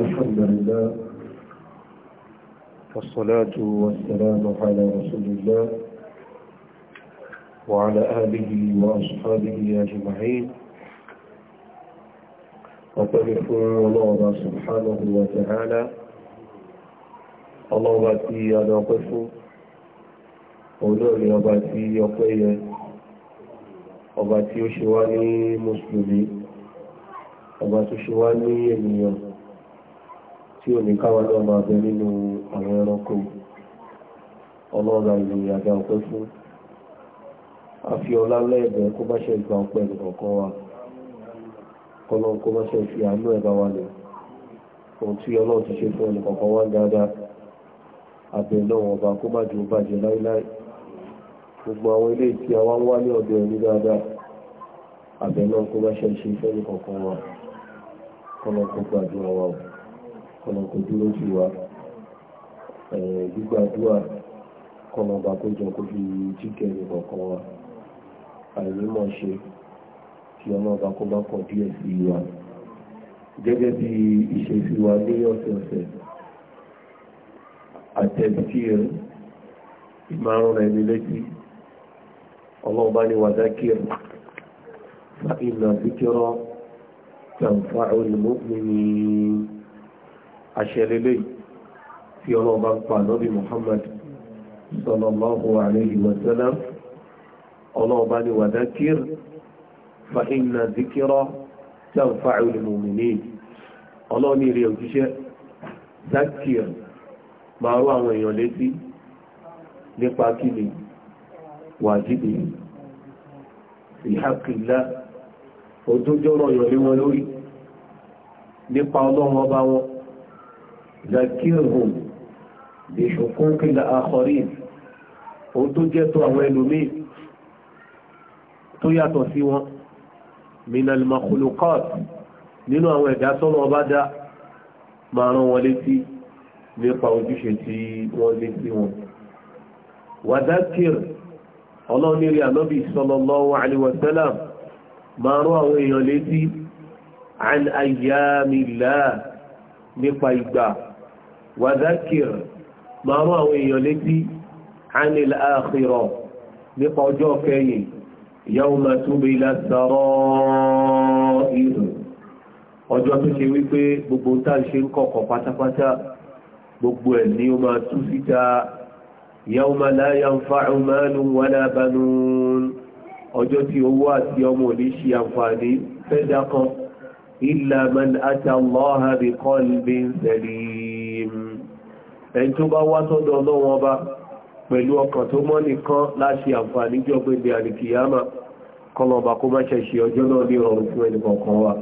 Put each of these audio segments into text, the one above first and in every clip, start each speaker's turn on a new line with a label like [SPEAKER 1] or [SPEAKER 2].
[SPEAKER 1] الحمد لله والصلاة والسلام على رسول الله وعلى آله وأصحابه أجمعين وطريقون الله سبحانه وتعالى الله باتي أنا قفو olóòrí ọba tí ọpẹ́ yẹ ọba tí ó ṣe wá tí ò ní káwa náà máa bẹ nínú àwọn ẹranko ọlọ́ọ̀rọ̀ ìlú àga ọ̀pẹ́ fún a fi ọlá lẹ́ẹ̀bẹ̀ kó bá ṣe gba ọpẹ́ nìkọ̀ọ̀kan wa kọ́lọ́n kó bá ṣe fi àánú ẹ̀bá wa lẹ̀ ohun tí ọlọ́run gbogbo àwọn ilé tí a ń wá ní ọ̀dọ̀ ẹni dáadáa abẹ náà kó bá ṣe ṣe fẹ́ nìkọ̀ọ̀kan wa kọ́lọ́n kó gbàdúrà wa o kọlọ̀kọ̀ dúró sí wa gbígbàdúrà kọlọ̀bà kó jọ kó fi jíkẹ́ ní kọ̀ọ̀kan wa àìrímọ̀ ṣe kí ọlọ́ọ̀bà kó bá kọ̀ díẹ̀ sí wa gẹ́gẹ́ bí ìṣesí wa ní ọ̀sẹ̀ọ̀sẹ̀ àtẹ̀bítí rẹ̀ ìmárùn rẹ̀ ní létí ọlọ́ọ̀bá ní wàdákìrì fa ìlànà fíkẹ́rọ̀ tàǹfà olùmọ́pìnrin àṣẹlélẹ́ tí ọlọ́run bá ń pa ànábì Muhammad sallallahu alayhi wa sallam ọlọ́run bá ní wadhakir fa inna dhikra tanfa'ul mu'minin ọlọ́run ní rí òjíṣẹ́ zakir máa rú àwọn èèyàn létí nípa kíni wàjíbi ìhàkìlá òtújọ́rọ̀ yọ̀ lé wọn lórí nípa ọlọ́run ọba wọn zakirhum bi huquqi al-akharin ohun tó jẹ́ tó àwọn ẹlòmíì tó yàtọ̀ sí wọn minal makhluqat nínú àwọn ẹ̀dá sọ́nà ọba dá máa rán wọn létí nípa ojúṣe tí wọ́n lé sí wọn wàdákìr ọlọ́nirí ànábì sallallahu alaihi wa sallam máa rán àwọn èèyàn létí an ayyamillah nípa ìgbà wàdákìr máa rán àwọn èèyàn létí anil àkìrọ̀ nípa ọjọ́ kẹyìn yawma tubila sarair ọjọ́ tó ṣe wípé gbogbo tá a ṣe ń kọ̀kọ̀ pátápátá gbogbo ẹ̀ ni ó máa tú síta yawma la yanfa'u malun wala banun ọjọ́ tí owó àti ọmọ òní ṣe àǹfààní fẹ́dá kan illa man ata Allaha biqalbin salim ẹni tó bá wá tọ́dọ̀ ọlọ́wọ́n ọba pẹ̀lú ọkàn tó mọ́ nìkan láti àǹfààní jọ pé bí àlìkìyàmà kọlọ̀ọ̀bà kó má ṣe ṣe ọjọ́ náà ní ọ̀rùn fún ẹnì kọ̀ọ̀kan wa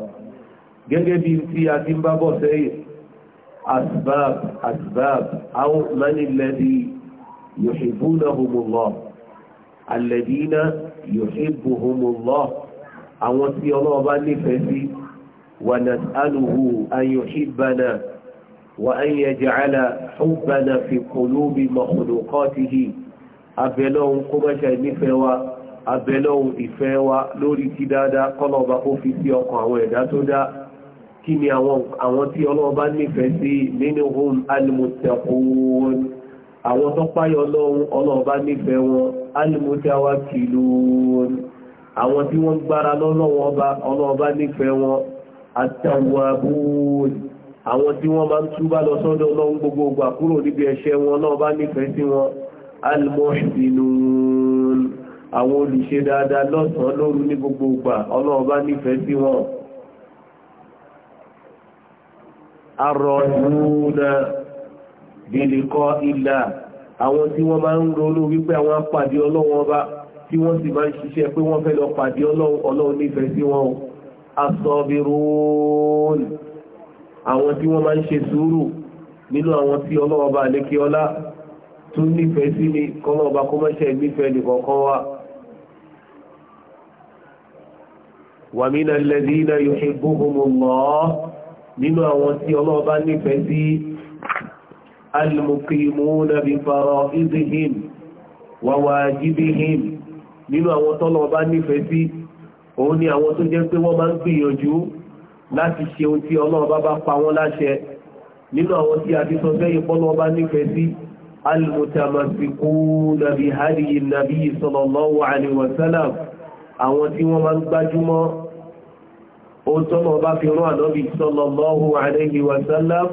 [SPEAKER 1] gẹ́gẹ́ bí tí a ti ń bá bọ̀ sẹ́yìn àwọn tí ọlọ́ọ̀bá nífẹ̀ẹ́ sí wà nàtàlùhù ayòṣìbánà وأن يجعل حبنا في قلوب مخلوقاته أبلون قمشا نفوا أبلون إفوا لوري تدادا قلوبا في سياق ويدا تدا كيني àwọn tí ọlọ́ọ̀bá nífẹ̀ẹ́ sí منهم المتقون àwọn tó páyọ lọ́wọ́ ọlọ́ọ̀bá nífẹ̀ẹ́ wọn المتوكلون àwọn tí wọ́n gbára lọ́lọ́wọ́ ọlọ́ọ̀bá nífẹ̀ẹ́ wọn التوابون àwọn tí wọ́n máa ń túbá lọ sọ́dọ̀ ọlọ́run gbogbo ògbà kúrò níbi ẹ̀ṣẹ̀ wọn náà bá nífẹ̀ẹ́ sí wọn almuhsinun àwọn olùṣe dáadáa lọ́sàn-án lóru ní gbogbo ògbà ọlọ́run bá nífẹ̀ẹ́ sí wọn arọ̀lúnà bìlìkọ́ ilà àwọn tí wọ́n máa ń ronú wípé àwọn apàdé ọlọ́run ọba tí wọ́n sì máa ń ṣiṣẹ́ pé wọ́n fẹ́ lọ pàdé ọlọ́run nífẹ̀ẹ́ sí wọn asọ́bìrún àwọn tí wọ́n máa ń ṣe sùúrù nínú àwọn tí ọlọ́ọba àlékè ọlá tún nífẹ̀ẹ́ sí ni kọ́lọ́ọba kó mọ́ṣẹ́ nífẹ̀ẹ́ nìkọ̀ọ̀kan wa. wa mina alladhina yuhibbuhumullah nínú àwọn tí ọlọ́ọba nífẹ̀ẹ́ sí al-muqimuna bi fara'idihim wa wajibihim nínú àwọn tọ́lọ́ọba nífẹ̀ẹ́ sí òun ni àwọn tó jẹ́ pé wọ́n máa ń gbìyànjú láti ṣe ohun tí ọlọ́run bá bá pa wọ́n láṣẹ nínú àwọn tí a ti sọ sẹ́yìn pọ́nlọ́ bá nífẹ̀ẹ́ sí almutamasikuna bi hadiyi nabi sallallahu alaihi wasallam àwọn tí wọ́n máa ń gbájúmọ́ ó tọ́nà bá fi rán ànábì sallallahu alaihi wasallam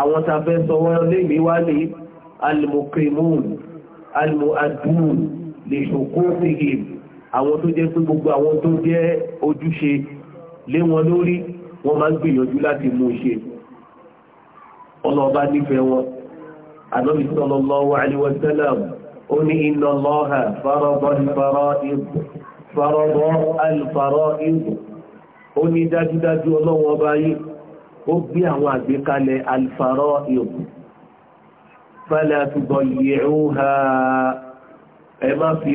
[SPEAKER 1] àwọn tàbẹ́ sọ wọ́n lè wá ní almukrimun almuadun li huquqihim àwọn tó jẹ́ pé gbogbo àwọn tó jẹ́ ojúṣe lé wọn lórí wọ́n máa ń gbìyànjú láti mú ṣe ọlọ́ọ̀bá nífẹ̀ẹ́ wọn ànábì sallallahu alaihi wa sallam ó ní inna Allaha farada al-fara'id farada al-fara'id ó ní dájúdájú ọlọ́wọ́n ọba yìí ó gbé àwọn àgbékalẹ̀ al-fara'id fala tudayyi'uha ẹ má fi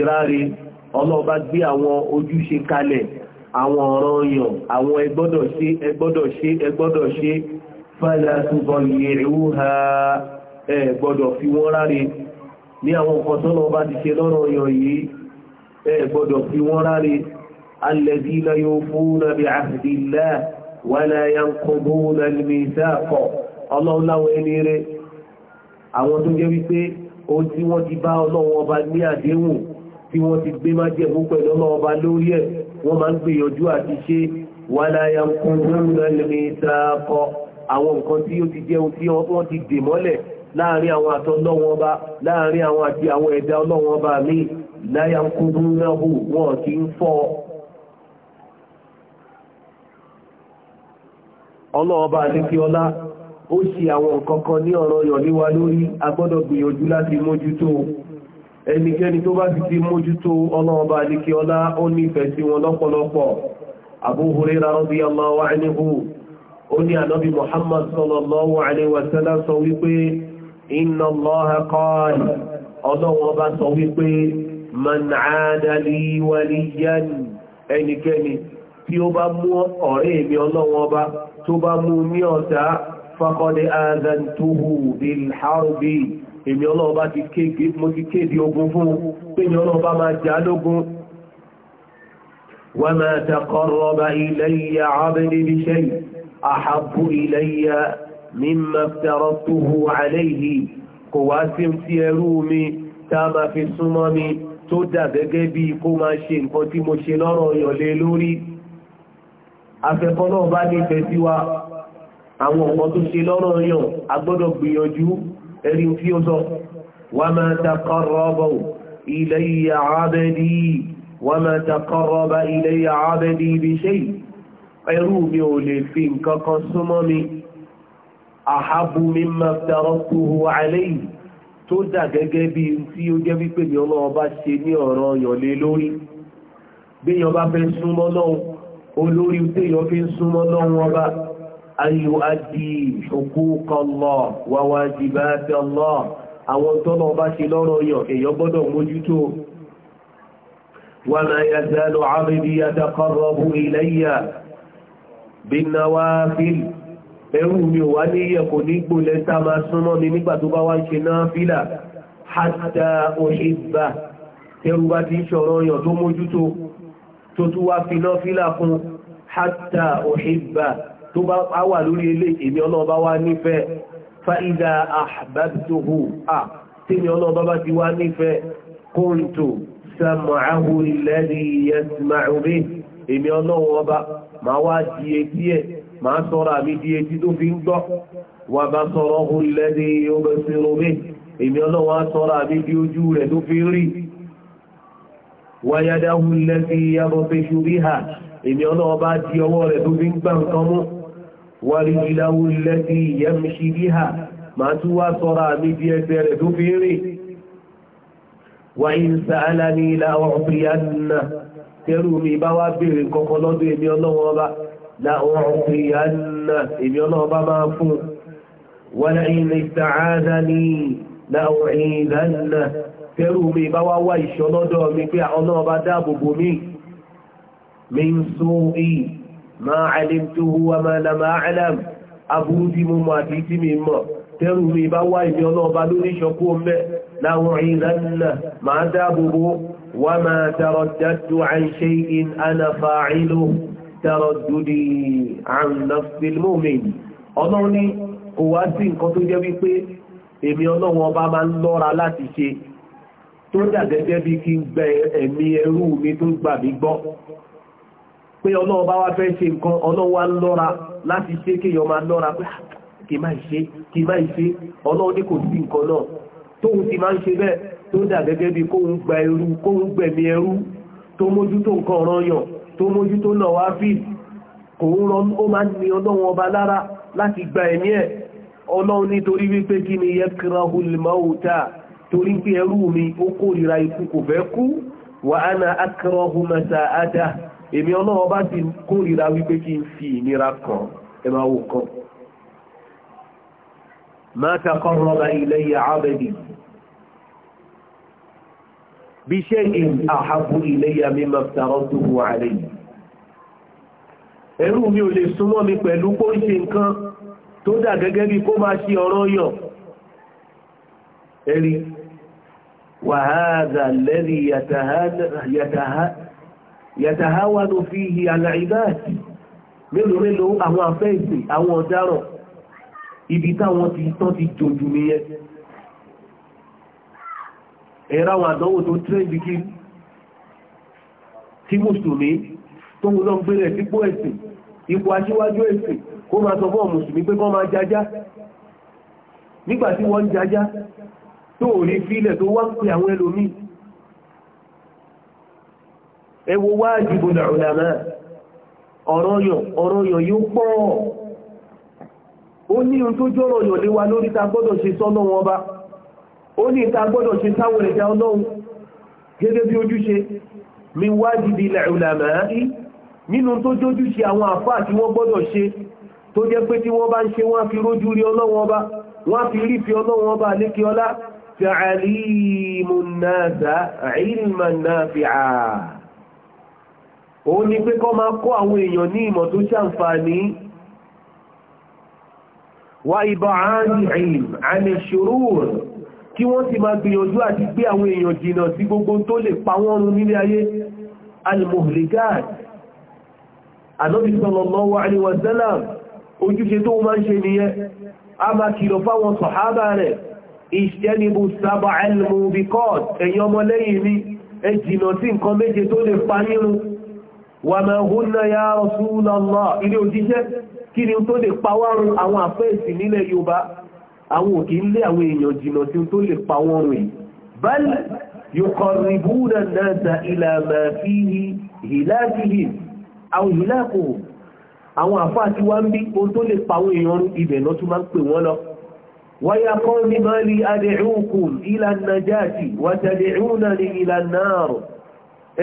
[SPEAKER 1] àwọn ọ̀rọ̀ yàn àwọn ẹgbọ́dọ̀ ṣe ẹgbọ́dọ̀ ṣe ẹgbọ́dọ̀ ṣe fàílà túbọ̀ yẹ̀rẹ̀wó ha ẹgbọ́dọ̀ fi wọ́n ráre ní àwọn nǹkan tó lọ bá ti ṣe lọ́rọ̀ yàn yìí ẹgbọ́dọ̀ fi wọ́n ráre alladhina yufuna bi'ahdillah wa la yanquduna al-mithaq ọlọ́run wọ́n máa ń gbìyànjú àti ṣe wàláyà kúndúnrún lẹ́mìtàkọ́ àwọn nǹkan tí ó ti jẹun tí wọ́n ti dè mọ́lẹ̀ láàrin àwọn àtọ́ lọ́wọ́n bá láàrin àwọn àti àwọn ẹ̀dá ọlọ́wọ́n bá mi láyà kúndúnrún wọn kì í fọ́ ọlọ́ọ̀bá àdékí ọlá ó ṣe àwọn nǹkan kan ní ọ̀rọ̀ yọ̀ níwa lórí a gbìyànjú láti mójútó ẹnikẹ́ni tó bá ti ti mójútó ọlọ́ọba àdíkí ọlá ó nífẹ̀ẹ́ sí wọn lọ́pọ̀lọpọ̀ Abu Huraira radiyallahu anhu ó ní ànábì Muhammad sallallahu alaihi sọ wípé inna Allaha sọ bil harbi èmi ọlọ́run bá ti kéèké mo ti kéèdé ogun fún pèmí ọlọ́run bá máa jà lógun wa ma taqarraba ilayya abdi bi shay ahabbu ilayya mimma aftaratuhu alayhi kò wá sí ti ẹrú mi tá a máa fi súnmọ́ mi tó dà gẹ́gẹ́ bí kó máa ṣe nǹkan tí mo ṣe lọ́rọ̀ yọ̀lé lórí afẹ́kọ́ náà bá nífẹ̀ẹ́ sí wa àwọn ọ̀pọ̀ tó ṣe lọ́rọ̀ yàn a gbìyànjú ẹ̀rí tí ó sọ wa ma taqarraba ilayya abdi wa ma taqarraba ilayya abdi bi shay' ẹrú mi ò lè fi nǹkan kan súnmọ́ mi ahabu mimma aftaratuhu alayhi tó dà gẹ́gẹ́ bí tí ó jẹ́ wípé mi ọlọ́wọ́ bá ṣe ní ọ̀rọ̀ yọ̀lé lórí bí yọ bá fẹ́ súnmọ́ lọ́hun olórí téèyàn fi ń súnmọ́ lọ́hun ọba an yuaddi huquq Allah wa wajibat Allah àwọn tọ́nà bá ṣe lọ́rọ̀ yàn èyàn gbọ́dọ̀ mójútó wa ma yazalu abdi yataqarrabu ilayya bin nawafil ẹrù mi ò wá ní yẹ̀kò ní gbòlẹ̀ tá máa súnmọ́ mi nígbà tó bá wá ń ṣe náfílà hatta uhibba ẹrù bá ti ṣọ̀rọ̀ yàn tó mójútó tó tún wá fi náfílà fún hatta uhibba tó bá wà lórí ilé èmi ọlọ́run bá wá nífẹ̀ẹ́ fa'ida ahbabtuhu a tí mi ọlọ́run bá bá ti wá nífẹ̀ẹ́ kóńtò sam'ahu alladhi yasma'u bihi èmi ọlọ́run ọba máa wá di etí ẹ̀ máa sọ́ra mi di etí tó fi ojú rẹ̀ tó fi rí wáyádáhùn lẹ́sí yàbọ̀ fẹ́ ṣubí ha èmi ọlọ́wọ́ bá di ọwọ́ rẹ̀ tó fi ń gbà nǹkan mú ورجله التي يمشي بها ما توا صرا مدي بير دفيري وإن سألني لا أعطينه ترمي بوابير كوكولود إمي الله وبا لا أعطينه إمي الله وبا ما فون ولئن استعاذني لا أعيذنه ترمي بوابير شلودو مي بي الله وبا دابو بومي من سوئي máa alimtuhu wa máa la máa alam aburú tí mo mọ̀ àti tí mi mọ̀ tẹ́rù mi bá wá ìbí ọlọ́ọ̀bá lórí ìṣọ́kú ọmọ láwọn ìlànà máa dáàbòbò wà máa tàrọ̀dátù àìṣe in anáfà ìlú tàrọ̀dúdì àrùnàfilmọ́mìn ọlọ́run ní kò tó jẹ́ bí kí n gbẹ ẹ̀mí ẹrú mi tó gbà mí gbọ́ pé ọlọ́run bá wá fẹ́ ṣe nǹkan ọlọ́run lọ́ra láti ṣe kí èèyàn máa lọ́ra pé ah, kì máa ṣe kì máa ṣe ọlọ́run ní kò sí nǹkan náà tóun ti máa ń ṣe bẹ́ẹ̀ tó dà gẹ́gẹ́ bí kóun gba ẹrú kóun gbẹ̀mí ẹrú tó mójútó nǹkan ọ̀rọ̀ yàn tó mójútó náà wá fi kòun rọ ó máa ní ọlọ́run ọba lára láti gba ẹ̀mí ẹ̀ ọlọ́run nítorí wípé kí ni yakrahul mauta torí pé ẹrú mi ó kórìíra ikú kò fẹ́ kú wa ana akrahu masa'ata èmi ọlọ́wọ́ bá ti kórìíra wípé kí n fi ìnira kàn ẹ máa wò kàn máa taqarraba ilayya abdi bí shay'in ahabbu ilayya mimma iftaradtuhu alayhi ẹrú mi ò lè súnmọ́ mi pẹ̀lú kó ń ṣe nǹkan tó dà gẹ́gẹ́ bí kó máa ṣe ọ̀rọ̀ yọ̀ ẹ̀rí wa hadha alladhi yàtàháwánu fi hi àlàìbáàtì mélòó mélòó àwọn afẹ́ẹ̀sì àwọn ọ̀daràn ibi táwọn ti tán ti jòjù nìyẹn ẹ̀rọ àwọn àdánwò tó tírẹ́ǹdì kí tí mùsùlùmí tó ń lọ gbé rẹ̀ sípò ẹ̀sìn ipò aṣíwájú ẹ̀sìn kó máa sọ fún mùsùlùmí pé kọ́ máa jajá nígbàtí wọ́n jajá tó rí fílẹ̀ tó wá ń àwọn ẹlòmíì ẹ wo wajibul ulama ọ̀rọ̀yọ̀ ọ̀rọ̀yọ̀ yóò pọ̀ ó ní ohun tó jọ́rọ̀ yọ̀ lé wa lórí ta gbọ́dọ̀ ṣe sọ́nà wọn bá ó ní ta gbọ́dọ̀ ṣe sáwọn ẹ̀dá ọlọ́run gẹ́gẹ́ bí ojúṣe mi wajibil ulama nínú tó jójúṣe àwọn àfáà tí wọ́n gbọ́dọ̀ ṣe tó jẹ́ pé tí wọ́n bá ń ṣe wọ́n fi rójú rí ọlọ́run ọba wọ́n fi rí fi ọlọ́run ọba lékè ọlá ta'alimun nasa ilman nafi'a òun ni pé kọ́ máa kọ́ àwọn èèyàn ní ìmọ̀ tó ṣàǹfààní wá ibà ààrùn àmìṣòrúwò kí wọ́n ti máa gbìyànjú àti gbé àwọn èèyàn jìnà sí gbogbo tó lè pa wọ́n run nílé ayé alimohligat Ànábì sallallahu alaihi wa sallam ojúṣe tó máa ń ṣe nìyẹn ni ẹ jìnà sí nǹkan méje tó lè pa nírun wà máa hún náà yá Rasulullah ilé òjíṣẹ́ kí ni tó lè pawárun àwọn àfẹ́ẹ̀sì nílẹ̀ Yorùbá àwọn òkè ń lé àwọn èèyàn jìnà tí ó tó lè pawárun yìí bal yuqarribuna an-nasa ila ma fihi hilakihim náà tún máa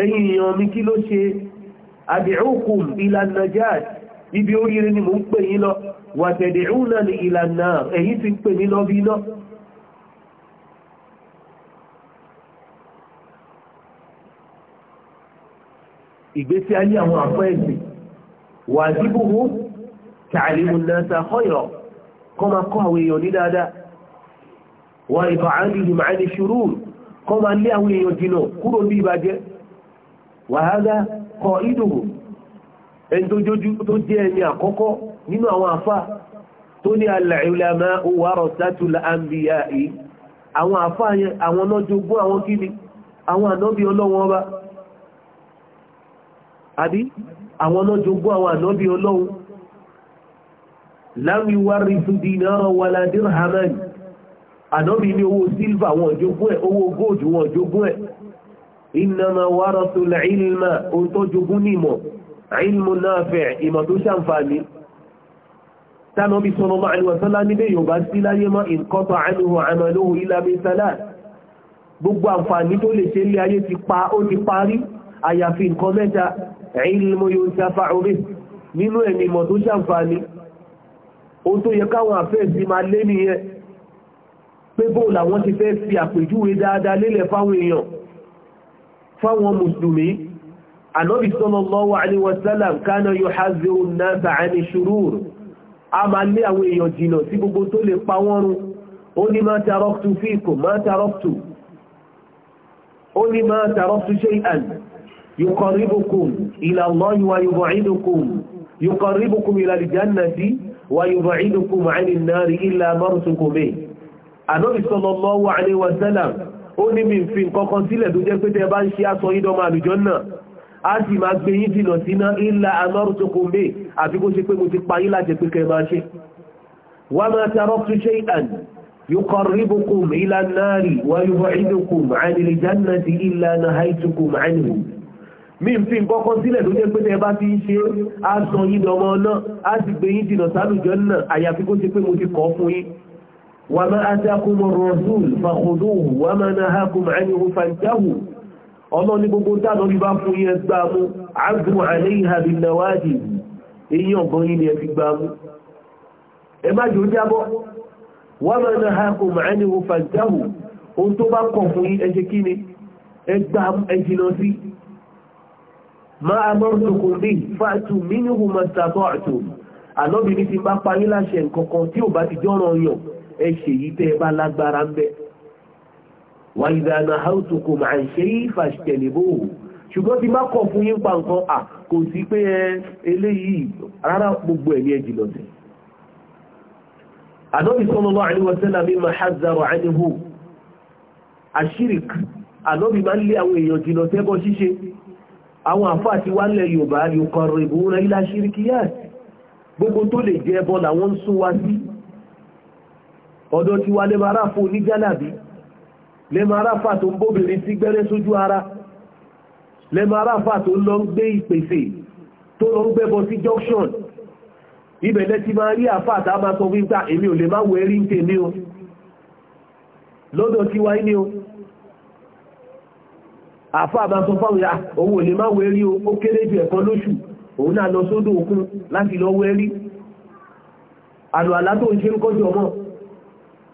[SPEAKER 1] ẹ̀yìn èèyàn mi kí ló ṣe ad'ukum ila najat ibi oríire ni mo ń pè yín lọ wa tad'unani ila nar èyí tí ń pè mí lọ bí iná ìgbésí ayé àwọn àpọ́ ẹ̀sìn wà díbùhù tààlìmù náà kọ́yọ̀ kọ́ máa ní dáadáa kọ́ máa lé àwọn èèyàn jìnà kúrò ní ìbàjẹ́ wàhálà kọ ìdòwò ẹni tó jójú tó jẹ́ ẹni àkọ́kọ́ nínú àwọn àfá tó ní alàìlàmà warasatul anbiya'i àwọn àfá yẹn àwọn lọ́jọ́gbọ́n àwọn kíni àwọn ànábí ọlọ́wọ́n ọba àbí àwọn lọ́jọ́gbọ́n àwọn ànábí ọlọ́wọ́n láwí wárí fúdínà wàlá dirhamani ànábí ní owó sílvà wọn jogún ẹ̀ owó góòdù wọn ẹ̀ innama warathul ilma ohun tó jogún ní ìmọ̀ ilmu nafi' ìmọ̀ tó ṣàǹfààní tánàbí sallallahu alaihi wasallam níbẹ̀ yóò bá sí láyé mọ́ inqata anhu amaluhu illa min salat gbogbo àǹfààní tó lè ṣe lé ayé ti pa ó ti parí àyàfi nǹkan mẹ́ta ilmu yuntafa'u bihi nínú fáwọn mùsùlùmí anọ́bì sallallahu alaihi wasallam kánà yuhazziru an-nasa 'ani shurur a máa lé àwọn èèyàn jìnà sí gbogbo tó lè pa wọ́n run ó ní ma taraktu fikum ma taraktu ó ní ma taraktu shay'an yuqarribukum ila Allahi wa wa yub'idukum 'ani ó ní mi fi nǹkan kan sílẹ̀ tó jẹ́ pé tẹ́ bá ń ṣe aṣọ yín dọ́mọ àlùjànnà á sì máa gbé yín dìnà síná ilà anọ́rù tó kò mbé àfi kó ṣe pé mo ti pa láti pé kẹ́ máa ṣe wà máa tarọ́ tún ṣe ìdàn yuqarribukum ilà náàrí wà yuba'idukum àìlè وما أتاكم الرسول فخذوه وما نهاكم عنه فانتهوا ọlọ́ ní gbogbo tánà bí bá fún yẹn gbámú azmù àléhà bí náwádìí èyàn gan yìí ni ẹ fi gbámú ẹ má jò jábọ́ wà máa náà ha máa ní òun fàjáhù ohun tó bá kọ̀ fún yín kí ni ẹ gbámú ẹ jìnà sí máa mọ́rùn-ún ẹ ṣe yìí tẹ́ ẹ bá lágbára ń bẹ. wà ìdáná àwùjọkọ̀ máa ń ṣe ìfàṣẹ̀lẹ̀bọ̀ òwò ṣùgbọ́n ti má kọ̀ fún yín pa nǹkan à kò sí pé ẹ eléyìí rárá gbogbo ẹ̀mí ẹ̀ jìnà sí. ànábì sallallahu alaihi wasallam mimma hazzara anhu àṣíríkì ànábì máa ń lé àwọn èèyàn jìnà sẹ́bọ̀ ṣíṣe àwọn àfáà ti wá lẹ̀ yorùbá yóò kọrin ìbúra ilá ṣíríkì ń sún wá sí ọ̀dọ̀ ti wà lẹ́mọ̀ aráfò oníjálàbí lẹ́mọ̀ aráfà tó ń bóbìnrin sí gbẹ́rẹ́ sójú ara lẹ́mọ̀ aráfà tó lọ ń gbé ìpèsè tó lọ ń gbẹ́bọ sí junction ibẹ̀ lẹ́ ti máa rí àfà tá máa sọ wípé ah, èmi ò lè má wọ erí ń tèmi o lọ́dọ̀ ti wá ní o àfà máa sọ fáwọn ya òun ò lè má wọ erí o kéré jù ẹ̀kan lóṣù òun náà lọ sódò òkun láti lọ wọ erí àlọ́ àlá tó ń ṣe ń kọ́jọ mọ́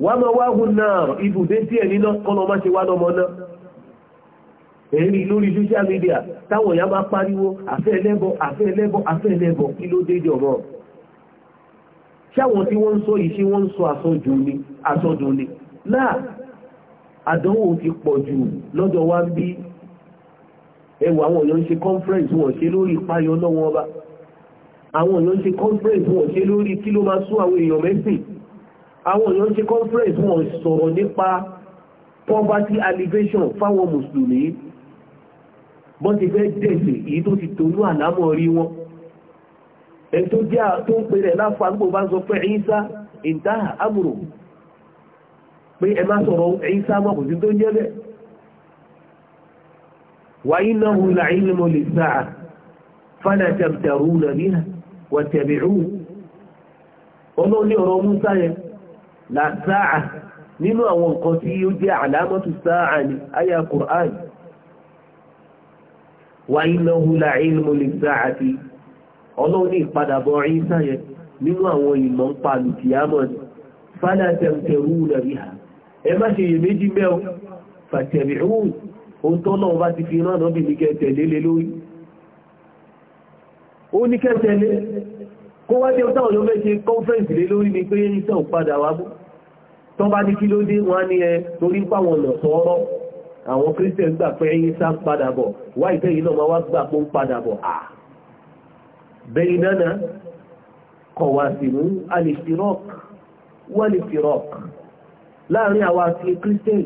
[SPEAKER 1] wà máa wá hùn náà ibùdé díẹ̀ níná kọ́nà má ṣe wá lọ́mọ náà èrí lórí social media táwọn èèyàn máa pariwo àfẹ́ ẹlẹ́bọ àfẹ́ ẹlẹ́bọ àfẹ́ ẹlẹ́bọ kí ló dédé ọ̀rọ̀ ṣáwọn tí wọ́n ń sọ yìí ṣé wọ́n ń sọ àsọdùn ni náà àdánwò ti pọ̀ jù lọ́dọ̀ wa bí ẹwà àwọn èèyàn ń ṣe conference wọ́n ṣe lórí ìpayọ lọ́wọ́ ọba àwọn èèyàn ń ṣe conference wọ́n ṣe lórí kí ló máa sún àwọn èèyàn àwọn èèyàn ṣe conference wọn sọ̀rọ̀ nípa poverty alleviation fáwọn mùsùlùmí bọ́n ti fẹ́ dẹ̀sẹ̀ èyí tó ti tònú àlámọ̀ rí wọn ẹ̀ tó jẹ́ tó ń pèrè láfa gbogbo bá sọ pé ẹ̀yíṣá ìntáhà amúrò pé ẹ má sọ̀rọ̀ ẹ̀yíṣá mọ́ kò sí tó jẹ́ bẹ́ẹ̀ wàyí náà hù láìlú mọ́ lè sáà fánà tẹ̀bẹ̀rù nàbíhà wà tẹ̀bẹ̀rù ọlọ́ọ̀ni ọ̀rọ̀ musa yẹn làtàà nínú àwọn nǹkan tí ó jẹ́ àlámọ́tù sáà ní a Qur'an wà innahu la ilmu li sa'ati ọlọ́run ìpadàbọ̀ Ìsá nínú àwọn ìmọ̀ ń pa lùkìyàmọ̀ ni fala tamtaruna ẹ má ṣe iyèméjì mẹ́ọ ti kó wá jẹ́ táwọn yóò mẹ́ṣe conference lé lórí ni pé iṣẹ́ ò padà wá mú tó bá ní kí ló dé wọ́n á ní ẹ torí páwọn ọ̀nà sọ́ọ́rọ́ àwọn christian gbà pé ẹyin sá padà bọ̀ wá ìfẹ́ yìí náà máa wá gbà pé ó padà bọ̀ à bẹ́yìn náà kọ̀ wá sí mú alìfirọ́k wọ́n lè firọ́k láàrin àwa àti christian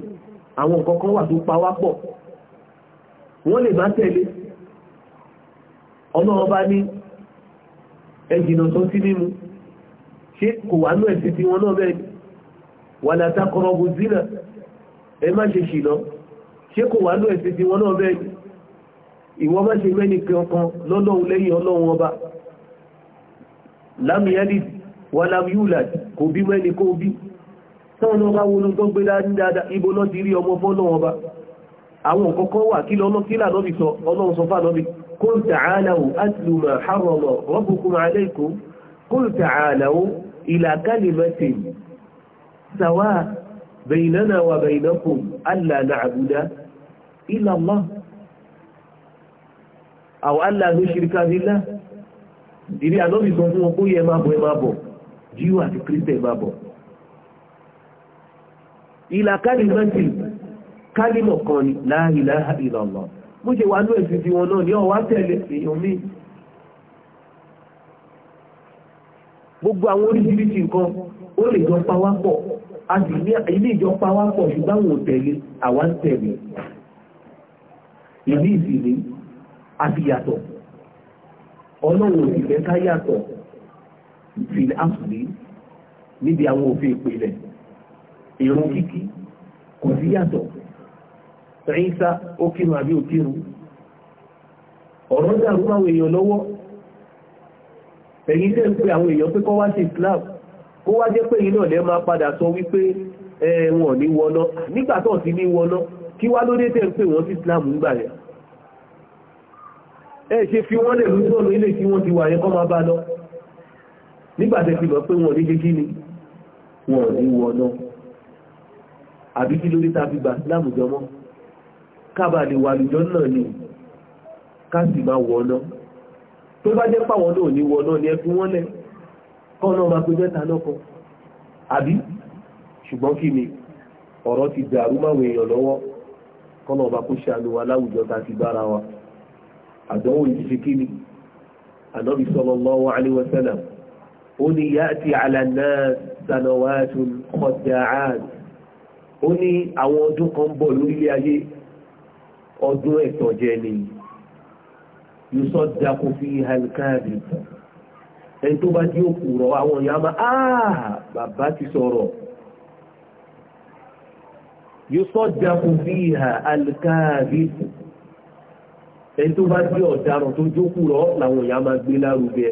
[SPEAKER 1] àwọn nǹkan wà tó pa wá pọ̀ wọ́n lè bá tẹ̀lé ọlọ́run ní ẹjìnà tó sí mímu ṣé kò wà ní ẹ̀sìn tí wọ́n náà bẹ́ẹ̀ ni wà látà kọrọ̀bù zina ẹ má ṣe ṣìnà ṣé kò wà ní ẹ̀sìn tí wọ́n náà bẹ́ẹ̀ ni ìwọ má ṣe mẹ́ni kankan lọ́lọ́run lẹ́yìn ọlọ́run ọba lámìyálì wà lámìyúlà kò bí mẹ́ni kó bí táwọn náà bá wọnú ibo náà ti rí ọmọ ọba àwọn wà kí قل تعالوا أتل ما حرم ربكم عليكم قل تعالوا إلى كلمة سواء بيننا وبينكم ألا نعبد إلا الله أو ألا نشرك بالله ìrí ànọ́bì sọ fún wọn kó yẹ máa bọ̀ ẹ máa bọ̀ jíú àti kírísítẹ̀ máa bọ̀ ìlà kálímọ́tì kálímọ̀ kan ni la ilaha illallah bó ṣe wà ní ẹ̀sìn tí wọn náà ní ọ̀wá tẹ̀lé èèyàn míì gbogbo àwọn oríṣiríṣi nǹkan ó lè jọ pa wá pọ̀ a sì ní ilé ìjọ pa wá pọ̀ ṣùgbọ́n àwọn òtẹ̀lé àwa ń tẹ̀lé ìlú ìsìnlẹ̀ àti yàtọ̀ ọlọ́run òṣìṣẹ́ ká yàtọ̀ fìlẹ̀ àfùlé níbi àwọn òfin ìpìlẹ̀ ìrun kíkí kò sí yàtọ̀ Ìsá ó kírun àbí ò kírun ọ̀rọ̀ dàrú àwọn èèyàn lọ́wọ́ ẹ̀yin tẹ́ ń pe àwọn èèyàn pé kọ́ wá sí Islam kó wá jẹ́ pé yìí náà lẹ́ máa padà sọ wípé wọn ò ní wọná nígbà tó ti ní wọná kí wá ló dé tẹ́ ń pè wọ́n sí Islam ń gbà yẹn ẹ ṣe fi wọ́n lè lójú ọ̀nà ilé tí wọ́n ti wà yẹn kọ́ máa bá lọ nígbà tẹ́ fi lọ pé wọn ní kékí ni wọn ní wọná àbí kí ló tá a fi gbà Islam jọmọ́ kábàlì wà lùjọ́ náà ni káàsì máa wọ̀ọ́ná tó bá jẹ́ pàwọn náà ní wọ̀ọ́ná ni ẹ fi wọ́n lẹ̀ kọ́nà máa pe mẹ́ta lọ́kọ̀ àbí ṣùgbọ́n kí ni ọ̀rọ̀ ti dàrú máwọn èèyàn lọ́wọ́ kọ́nà ọba kó ṣàánú wa láwùjọ ta ti bára wa àdánwò yìí ṣe kí ni ànábì sallallahu alaihi wasallam ó ní ya'ti ala an-nas sanawatun khadda'at ó ní àwọn ọdún kan bọ̀ lórílẹ̀ ayé ọdún ẹ̀tọ́ jẹ́ ni yusuf dako fi halkaadi ẹni tó bá jẹ́ òkú rọ àwọn ìyá máa áà ah, bàbá ti sọ̀rọ̀ yusuf dako fi ha halkaadi ẹni tó bá jẹ́ ọ̀daràn tó jókù rọ làwọn ìyá máa gbé lárugẹ.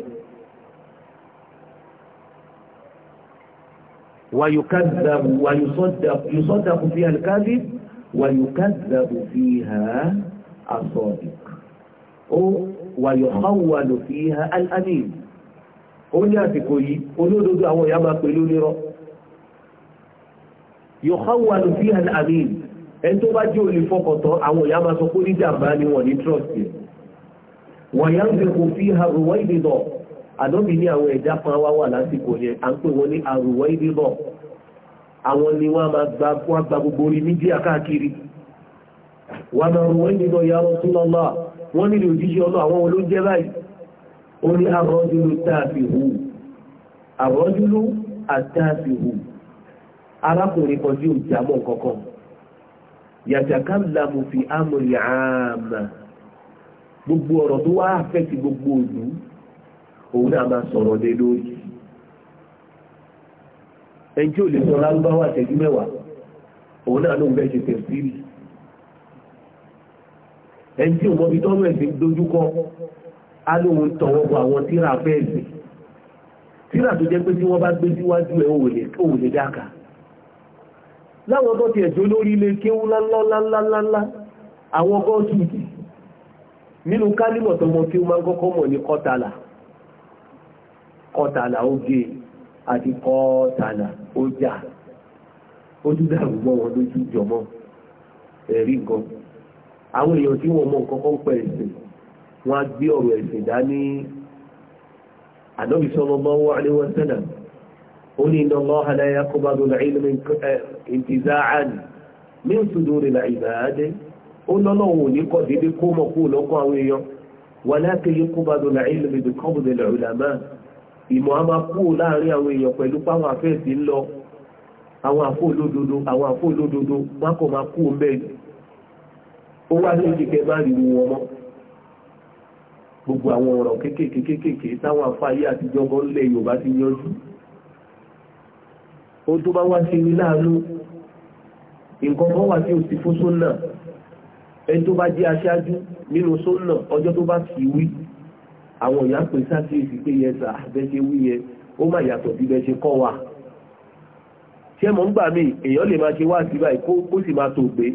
[SPEAKER 1] wàyùsọ̀dàkù fi halkaadi. ويكذب فيها الصادق ويخول فيها الأمين ó ní al yìí olódodo àwọn èèyàn máa pẹ̀lú nírọ́ yọ̀háwà ló fi hàn àmín ẹni tó bá jẹ́ olùfọkọ̀tọ́ àwọn èèyàn máa sọ pé ní jàmbá ni wọ́n ní trust yẹn wọ̀nyá ń fẹ́kọ̀ àwọn ni wọ́n máa gba wọ́n gba gbogbo orí mídíà káàkiri wọ́n máa rú wọ́n nínú ya Rasulullah wọ́n nílò òjíṣẹ́ ọlọ́ àwọn olóúnjẹ báyìí ó ní àrọ́júlú táàfihù àrọ́júlú àtàfihù arákùnrin kan tí ò jámọ́ kankan yàtàkàlàmù fi amòrì àmà gbogbo òun náà máa sọ̀rọ̀ lé lórí ẹni tí ò lè sọ lárúbáwá àtẹ́jú mẹ́wàá òun náà ló ń bẹ́ẹ̀ ṣe tẹ̀síìrì ẹni tí òun ọbí tọ́lú ẹ̀sìn dojúkọ á lóun tọwọ́ bọ àwọn tíra fẹ́ẹ̀sì tíra tó jẹ́ pé tí wọ́n bá gbé síwájú ẹ̀ òun lè dáka láwọn ọgọ́ ti ẹ̀jọ́ lórí ilé kéwú lálálálálá àwọn ọgọ́ tùdì nínú kálímọ̀ tọmọ kéwú máa kọ́kọ́ mọ̀ ní kọ́tàlà kọ́tàlà ó gé e àti kọ́ tààlà ó jà ó dúdú àgbọ̀ wọn lójú jọmọ́ ẹ̀rí gan àwọn èèyàn tí wọ́n mọ nǹkan kan pẹ̀ ẹ̀sìn wọ́n á gbé ọ̀rọ̀ ẹ̀sìn dání ànábì sallallahu ó ní inna ìmọ̀ a máa kúrò láàrin àwọn èèyàn pẹ̀lú páwọn àfẹ́ẹ̀sì ń lọ àwọn àfó olódodo àwọn àfó olódodo wọn kò máa kúrò bẹ́ẹ̀ ni ó wá ní ìdíkẹ́ má rí wọn mọ́ gbogbo àwọn ọ̀rọ̀ kéékèèké kéékèèké táwọn afáyé àtijọ́ gan lẹ̀ Yorùbá ti yanjú ó tó bá wá sí ní láàánú nǹkan kan wà tí ó sì fún sónà ẹni tó bá jẹ́ aṣáájú nínú sónà ọjọ́ tó bá sì wí àwọn èèyàn pè sákìyèsí pé yẹ sà bẹ́ ṣe wí yẹ ó má yàtọ̀ bí bẹ́ ṣe kọ́ wa ṣé mọ̀ ń gbà mí èèyàn lè máa ṣe wá sí báyìí kó sì máa tó gbé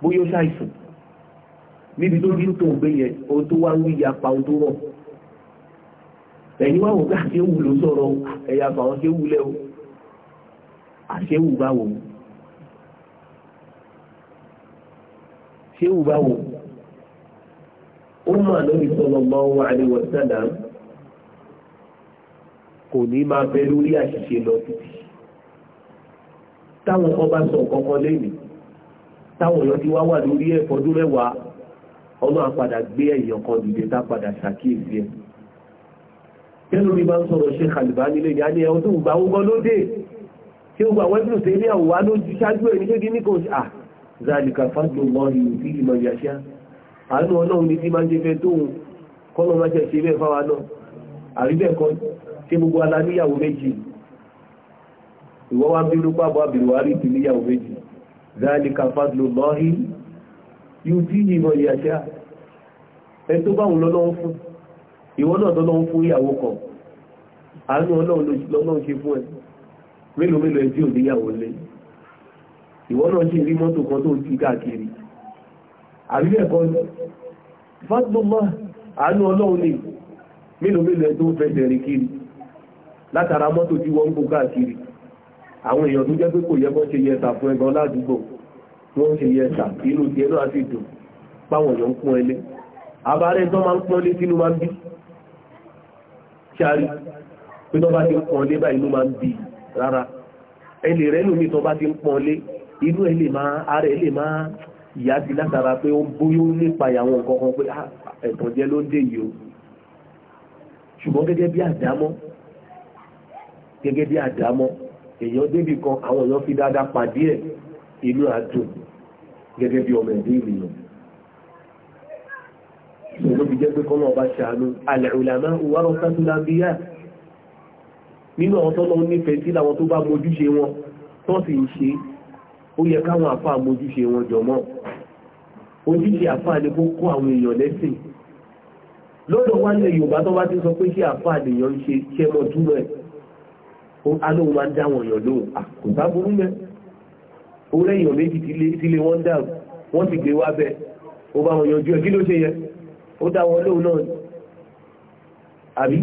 [SPEAKER 1] bóyá ó ṣàìsùn níbi tó bí ń tó gbé yẹn ohun tó wá ń wí yapa ohun tó rọ̀ ẹ̀yin wá wò ká ṣé wù ló sọ̀rọ̀ ẹ̀yà fàwọn ṣé wù lẹ́ o àṣéwù bá wò ṣéwù bá ó mà lórí sallallahu alaihi wasallam kò ní máa bẹ lórí àṣìṣe lọ títí táwọn kan bá sọ kankan lẹ́nu táwọn èèyàn ti wá wà lórí ẹ̀ fọdún mẹ́wàá ọlọ́run àpadà gbé èèyàn kan dìde tá padà ṣàkíyèsí ẹ̀ tẹ́lórí bá ń sọ̀rọ̀ ṣe kàlùbá nílé ìyá ní ẹ̀họ́ tó gbà ó gbọ́ lóde tí ó gbà wẹ́dùn sí àwòwá lójú ṣáájú ẹ̀ ní kéde ní kò sí à zàlìkà fàdùn mọ́ ìlú ìmọ̀ ìyàṣá àánú ọlọ́run ní tí máa ń jẹ́ fẹ́ tóun kọ́lọ́ máa jẹ́ ṣe bẹ́ẹ̀ fáwa náà àríbẹ̀ kan ṣe gbogbo ala níyàwó méjì ìwọ́ wá bí rúpa bọ́ àbìrìwárí ti níyàwó méjì záàlì kàfàdùlù lọ́rí yóò tí ìmọ̀ ìyàṣá ẹ tó báwọn lọ́lọ́run fún ìwọ́ náà lọ́lọ́run fún ìwọ́ náà àrílẹ̀kọ́ ní fàtùmọ́ àánú ọlọ́run ní mélòmélò tó fẹsẹ̀ rìn kiri látara mọ́tò tí wọ́n ń gbó káàkiri àwọn èèyàn tó jẹ́ pé kò yẹ kó ṣe yẹta fún ẹgbẹ́ ọládùúgbò wọ́n ṣe yẹta inú tiẹ̀ náà sì dùn páwọn èèyàn ń pọ́n ẹlé abárẹ́ tó máa ń pọ́n lé sínú máa ń bí ṣáàrí pé tó bá ti ń pọ́n lé báyìí ló máa ń bí rárá ẹlẹ́rẹ́ lómi tó bá ti ń pọ́n lé inú ẹ lè máa ìyá ti látara pé ó bóyó nípa àwọn nǹkan kan pé ah, ẹ̀tàn jẹ́ ló ń dè yìí o ṣùgbọ́n gẹ́gẹ́ bí àdámọ́ gẹ́gẹ́ bí àdámọ́ èèyàn débì kan àwọn èèyàn fi dáadáa pàdé ẹ̀ inú àdùn gẹ́gẹ́ bí ọmọ ẹ̀dẹ́ ènìyàn ṣùgbọ́n fi jẹ́ pé kọ́nà ọba ṣàánú al-ulama warasatul anbiya nínú àwọn tọ́lọ́ nífẹ̀ẹ́ sí làwọn tó bá mojúṣe wọn tó sì ń ṣe ó yẹ káwọn àfáà mójúṣe wọn jọ mọ́ ojúṣe àfáà ni kó kó àwọn èèyàn lẹ́sìn lọ́dọ̀ wá lẹ̀ yorùbá tó bá ti sọ pé ṣé àfáà lèèyàn ń ṣe ṣe mọ́ dúró ẹ̀ alóhùn máa ń dá wọn èèyàn lóhùn kò bá burú mẹ́ ó rẹ́yìn méjì sílé wọ́n dà wọ́n sì gbé wá bẹ́ẹ̀ ó bá wọn yanjú ẹ̀ kí ló ṣe yẹ ó dá wọn lóhùn náà àbí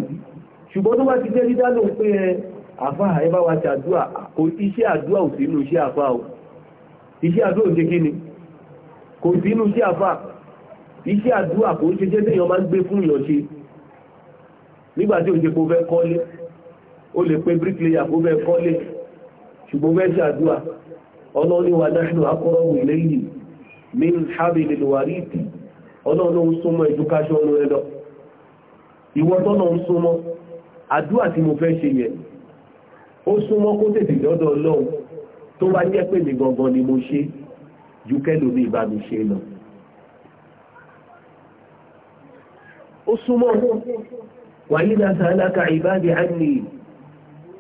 [SPEAKER 1] ṣùgbọ́n tó bá ti jẹ́ dídá lóhùn pé ẹ àfáà ẹ bá wa ṣàdúà iṣẹ́ àdúà ò sínú iṣẹ́ àfáà o iṣẹ́ àdúrà òṣè kí ni kò sí inú iṣẹ́ àfà iṣẹ́ àdúrà kò ń ṣe jẹ́ téèyàn máa ń gbé fún ìyàn ṣe nígbà tí òṣè kò fẹ́ kọ́lé ó lè pe bricklayer kò fẹ́ kọ́lé ṣùgbọ́n fẹ́ ṣe àdúrà ọlọ́ni wa nahnu aqrabu ilayhi min hablil waridi ọlọ́run ń súnmọ́ ìdúkáṣọ́ ọ̀rọ̀ lọ ìwọ tọ́nà ń súnmọ́ àdúrà tí mo fẹ́ ṣe yẹ ó súnmọ́ kó tètè lọ́dọ̀ ọlọ́run tó bá jẹ́ pé mi gangan ni mo ṣe ju kẹ́lòmí bá mi ṣe lọ ó súnmọ́ wàyí náà sàálákà ìbáde àìní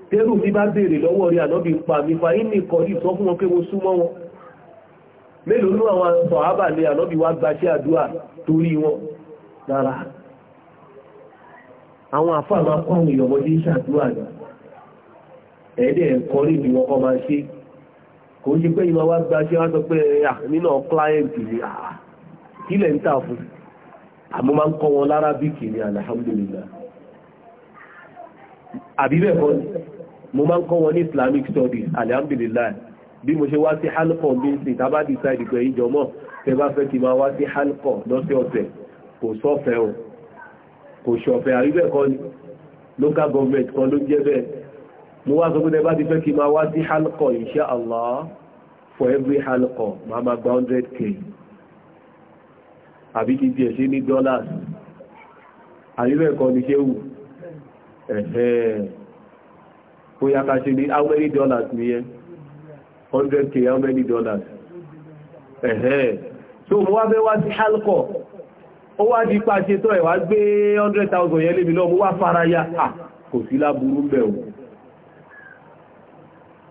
[SPEAKER 1] tẹ́rù mi bá béèrè lọ́wọ́ rí ànábì pa mi fa inú ikọ̀ yìí sọ fún wọn pé mo súnmọ́ wọn mélòó ní àwọn sọ̀hábà ní ànábì wá gbaṣẹ́ àdúrà torí wọn dára àwọn àfáà kọ́ àwọn èèyàn ṣàdúrà ẹ̀ẹ́dẹ̀ ni wọ́n kọ́ máa ṣe kò ń ṣe pé ìmọ̀ wá gba ṣe wá sọ pé àmì náà kíláyẹ̀ntì ni kílẹ̀ ń tà fún àmọ́ máa ń kọ́ wọn lára bí kìíní alhamdulillah àbí bẹ́ẹ̀ kọ́ ni mo máa ń kọ́ wọn ní islamic studies alhamdulillah bí mo ṣe wá sí halkọ̀ bí n sì tábà decide pé ìjọ mọ̀ tẹ bá fẹ́ kí máa wá sí halkọ̀ lọ́sẹ̀ ọ̀sẹ̀ kò sọ́fẹ́ o kò ṣọ̀fẹ́ àbí bẹ́ẹ̀ kọ́ ni local government kan ló jẹ́ bẹ́ẹ̀ mo wá sọ pé ẹ bá ti fẹ́ kí n máa wá sí halkọ insha Allah for every halkọ máa máa gba hundred k àbí kí n tiẹ̀ ṣe ní dollars àbí bẹ́ẹ̀ kọ́ ni ṣé wù ẹ̀hẹ́ ká ṣe ní how many dollars nìyẹn 100 k how many dollars ẹ̀hẹ́ tó mú wá bẹ́ wá sí halkọ̀ ó wá di pàṣẹ tó ẹ̀wà gbé 100,000 yẹn lébi náà mú wá fara ya kò sí láburú mẹ́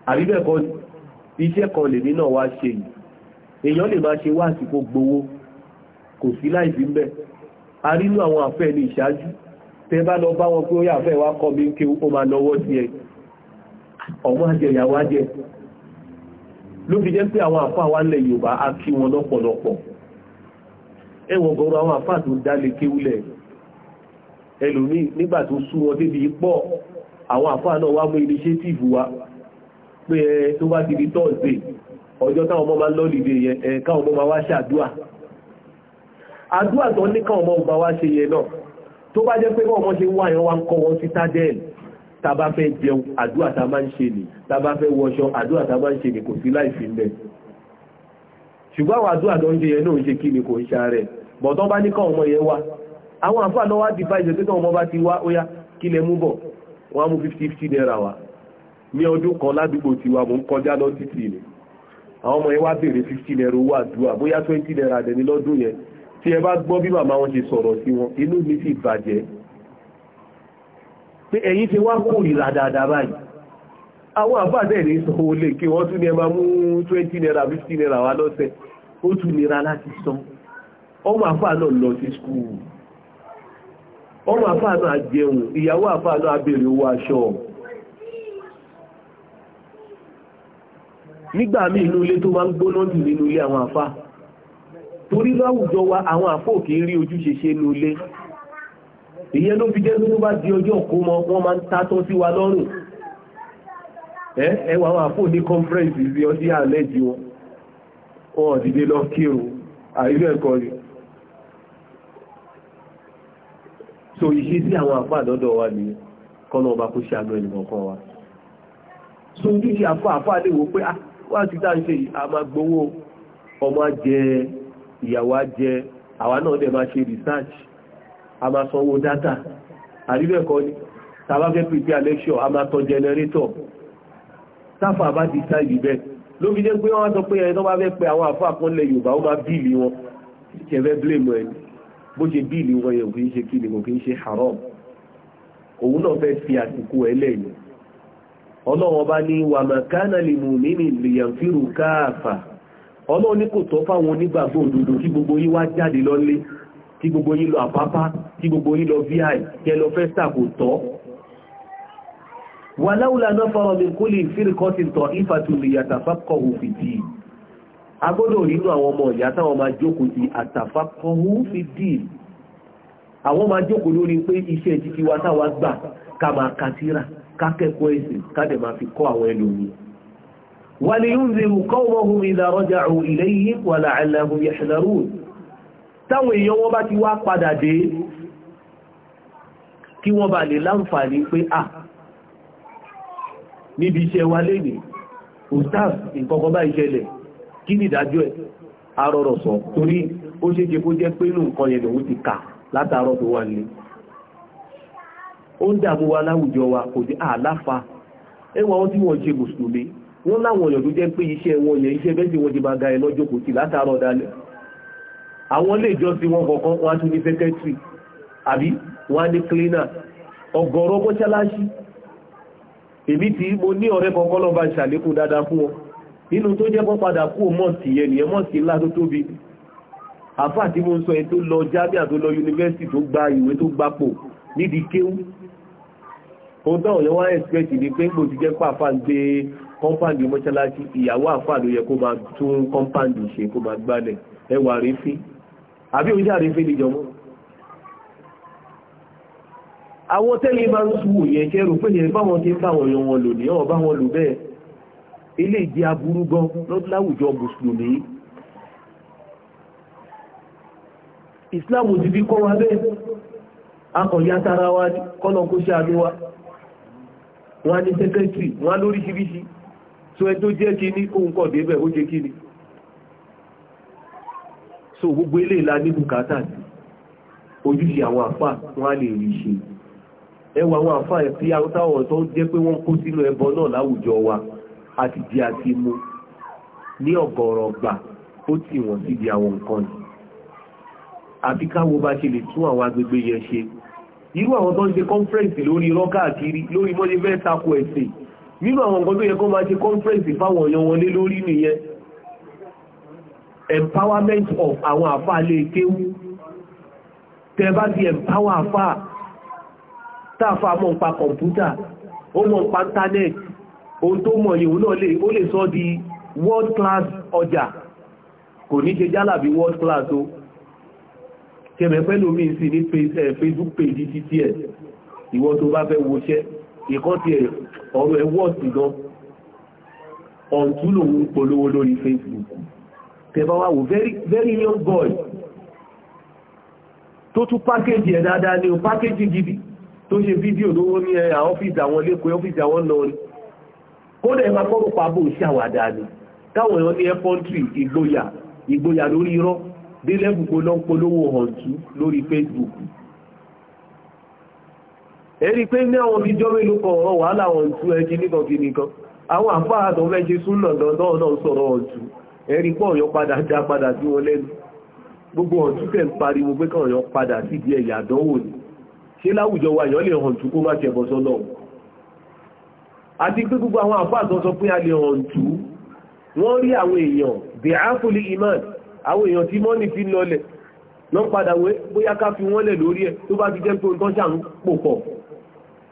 [SPEAKER 1] àbíbẹ̀kọ́ iṣẹ́ kan lèmi náà wá ṣe yìí èèyàn lè máa ṣe wá àsìkò gbowó kò sí láìsí ń bẹ̀ a rí inú àwọn àfẹ́ ní ìṣáájú tẹ bá lọ bá wọn pé ó yàfẹ́ wá kọ́ mi kí ó máa lọ́wọ́ sí ẹ ọmọ àjẹ ìyàwó àjẹ ló fi jẹ́ pé àwọn àfáà wá lẹ̀ Yorùbá á kí wọn lọ́pọ̀lọpọ̀ ẹwọ̀n gọ̀ọ̀rọ̀ àwọn àfáà tó dálé kéwúlẹ̀ ẹlòmíì nígbà tó sú wọn débi pọ̀ àwọn àfáà náà wá mú iléeṣẹ́ wa pé ẹ tó bá ti di tọ́ọ̀sì ọjọ́ táwọn ọmọ máa ń lọ́lìdè yẹn ẹ káwọn ọmọ máa wá ṣe àdúà àdúà tó ní káwọn ọmọ máa wá ṣe yẹn náà tó bá jẹ́ pé báwọn ọmọ ṣe ń wá yẹn wá ń kọ́ wọn sí tádẹ́ẹ̀lì tá bá fẹ́ jẹun àdúà tá máa ń ṣe nì tá bá fẹ́ wọṣọ àdúà tá máa ń ṣe nì kò sí láìfi ń bẹ ṣùgbọ́n àwọn àdúà tó ń ṣe yẹn náà ní ọdún kan ládùúgbò tiwa mò ń kọjá lọ títì ni àwọn ọmọ yẹn wá béèrè fifty naira owó àdúrà bóyá twenty naira dẹni lọ́dún yẹn tí ẹ bá gbọ́ bí màmá wọn ṣe sọ̀rọ̀ sí wọn inú mi sì bàjẹ́ pé ẹ̀yin ti wá kó ìlà dáadáa báyìí àwọn àbáàdẹ̀ ní sọ olè kí wọ́n tún ní ẹ máa mú twenty naira fifty naira wá lọ́sẹ̀ ó tún nira láti san ọmọ àfáà náà lọ sí skul ọmọ àfáà náà jẹun ìyàwó àfáà náà béèrè owó aṣọ nígbà míì inú ilé tó máa ń gbóná jù nínú ilé àwọn àfá torí láwùjọ wa àwọn àfá òkè rí ojúṣe ṣe nínú ilé ìyẹn ló fi jẹ́ tó bá di ọjọ́ kó mọ wọ́n máa ń tátọ́ sí wa lọ́rùn ẹwà àwọn àfó ní kọ́nfẹ́rẹ́nsì sí ọdí àlẹ́jì wọn wọn dìde lọ kírun àìrí ẹ̀kọ́ rí so ìṣe sí àwọn àfá àdọ́dọ̀ wa ní kọ́nà ọba kó ṣe àgbẹ̀ ẹnìkọ̀ọ̀kan wa so ojúṣe àfá àfá lè pé ah wá sí tá à ń ṣe yìí a máa gbowó ọmọ jẹ ìyàwó jẹ àwa náà dẹ̀ máa ṣe research a máa sanwó data àríbẹ̀kọ́ ni tàbá fẹ́ pèpè election a máa tan generator táfà bá ti sáìdì bẹ́ẹ̀ lóbi jẹ́ pé wọ́n sọ pé ẹni tó bá fẹ́ pe àwọn àfáà kan lẹ Yorùbá ó máa bíìlì wọn kẹfẹ́ blame ẹni bó ṣe bíìlì wọn yẹn kò kì í ṣe kí ni kò kì í ṣe haram òun náà fẹ́ fi àsìkò ẹlẹ́yìn ọlọ́wọ́n bá ní wà màkánà lè mú nínú ìlìyànfíru káàfà ọlọ́wọ́n ní kò tọ́ fáwọn onígbàgbọ́ òdodo kí gbogbo yín wá jáde lọ́lé kí gbogbo yín lọ àpápá kí gbogbo yín lọ vi kẹ lọ fẹ́ sàkò tọ́ wà láwùlà náà fọwọ́ mi kó lè kákẹ́kọ̀ọ́ ẹ̀sìn káde máa fi kọ́ àwọn ẹlòmí wàlẹ̀ yóò ń zèrú qawmahum idha raja'u ilayhim wa la'allahum yahdharun táwọn èèyàn wọn bá ti wá padà dé kí wọ́n bá lè láǹfààní pé à ah, níbi iṣẹ́ wa lénìí ustaz nǹkan bá kí ni ìdájọ́ ẹ̀ arọ̀rọ̀ sọ torí ó ṣe jẹ́ kó jẹ́ pé inú nǹkan yẹn lòun ti kà látàárọ̀ tó wà nílé ó ń dààmú wa láwùjọ wa kò dé àláfa ẹwà wọn tí wọ́n ṣe mùsùlùmí wọ́n láwọn èèyàn tó jẹ́ pé iṣẹ́ wọn yẹn iṣẹ́ bẹ́ẹ̀ tí wọ́n ti máa ga ẹ̀ lọ́jọ́ kò sí látàárọ̀ dalẹ̀ àwọn ilé ìjọsìn wọn kọ̀ọ̀kan wọn tún ní sẹ́kẹ́tìrì àbí wọn ní cleaner ọ̀gọ̀rọ̀ mọ́ṣáláṣí èmi tí mo ní ọ̀rẹ́ kọ̀ọ̀kan lọ́ba ìṣàlékún dáadáa fún wọn nínú tó jẹ́ kọ́ padà kú mọ́ọ̀sì yẹn nìyẹn mọ́ọ̀sì ńlá tó tóbi àfáà tí mo ń sọ ẹ tó lọ jábíà tó lọ yunifásitì tó gba ìwé tó gbapò nídìí kéwú ohun táwọn yẹn wá expect ni pé gbòòtú jẹ́ pé àfà ń gbé kọ́ńpáǹdì mọ́ṣáláṣí ìyàwó àfà ló yẹ kó máa tún kọ́ńpáǹdì ṣe kó máa gbálẹ̀ ẹwà rí fi àbí òun ṣàrí fi nìjọ mọ́ àwọn tẹ́lẹ̀ máa ń súwò yẹn kẹrù pé yẹn báwọn ti ń báwọn yan wọn lò ní ọ̀ báwọn lò bẹ́ẹ̀ ilé ìdí aburú gan láwùjọ mùsùlùmí ìsìláàmù ti fi kọ́ wa bẹ́ẹ̀ akọ̀yà tara wa kọ́nà àdúwà wọ́n ní sẹ́kẹ́tì wọ́n lóríṣiríṣi so ẹ tó jẹ́ kí ní ohun kọ̀ débẹ̀ ó jẹ́ kí ni so gbogbo ilé ìlà ní bùkátà sí ojúṣe àwọn àfà wọ́n á lè rí ṣe ẹwà àwọn àfà ẹ̀fí àwọtáwọ̀ tó jẹ́ pé wọ́n kó sínú ẹbọ náà láwùjọ wa àti jẹ àti mu ní ọ̀gọ̀rọ̀ gbà ó tì wọ́n síbi àwọn nǹkan yìí àfi bá ṣe lè tún àwọn agbègbè yẹn ṣe irú àwọn tó ń ṣe kọ́nfẹ́rẹ́nsì lórí irọ́ káàkiri lórí bọ́dé fẹ́ tako ẹ̀sìn nínú àwọn nǹkan tó yẹ kó máa ṣe kọ́nfẹ́rẹ́nsì fáwọn èèyàn wọlé lórí nìyẹn empowerment of àwọn àfá lè kéwú tẹ bá di empower àfá tàfà mọ̀ pa kọ̀mpútà ó mọ̀ pa internet ohun tó mọ̀ yìí ó lè sọ di world class ọjà kò ní ṣe jálàbí world class o kẹmẹ̀ pẹ́lú mi sí ní eh, facebook page títí ẹ̀ ìwọ́n tó bá fẹ́ woṣẹ́ ìkọ́ ti ẹ̀ ọ̀rọ̀ ẹ̀ wọ́ọ̀sì gan ọ̀tú lòun polówó lórí facebook tẹ̀bá wá wò very young boy tó tún pákéjì ẹ̀ dáadáa ní o pákéjì gidi tó ṣe fídíò lówó ní ẹ̀ eh, ọ́fíìsì àwọn lẹ́kọ̀ọ́ ọ́fíìsì àwọn lọ rí kódà ẹ̀ máa kọ́rùpá bò ṣàwàdà ni táwọn èèyàn ní ẹ̀ pọ́ńtì ìgboyà ìgboyà lórí irọ́ dé lẹ́bùkó lọ ń polówó hàntú lórí Facebook ẹ̀rí pé ní àwọn oníjọ́ mélòó kan ọ̀rọ̀ wàhálà hàntú ẹjí nìkan kí nìkan àwọn àfáà tó mẹ́jẹ súnà dandan náà sọ̀rọ̀ hàntú ẹ̀rí pọ̀ ọ̀yọ́ padà já padà sí wọn lẹ́nu gbogbo hàntú tẹ̀ ń pariwo pé kàn ọ̀yọ́ padà sí ibi ẹ̀yà àdánwò ni ṣé láwùjọ àti pé gbogbo àwọn àfáà tó pé a lè hàntú wọ́n rí àwọn èèyàn bẹ̀rẹ̀ áfúlì imáàdì àwọn èèyàn tí mọ́nì fi lọlẹ̀ lọ padà wé bóyá ká fi wọ́n lẹ̀ lórí ẹ̀ tó bá ti jẹ́ pé nǹkan ṣà ń pò pọ̀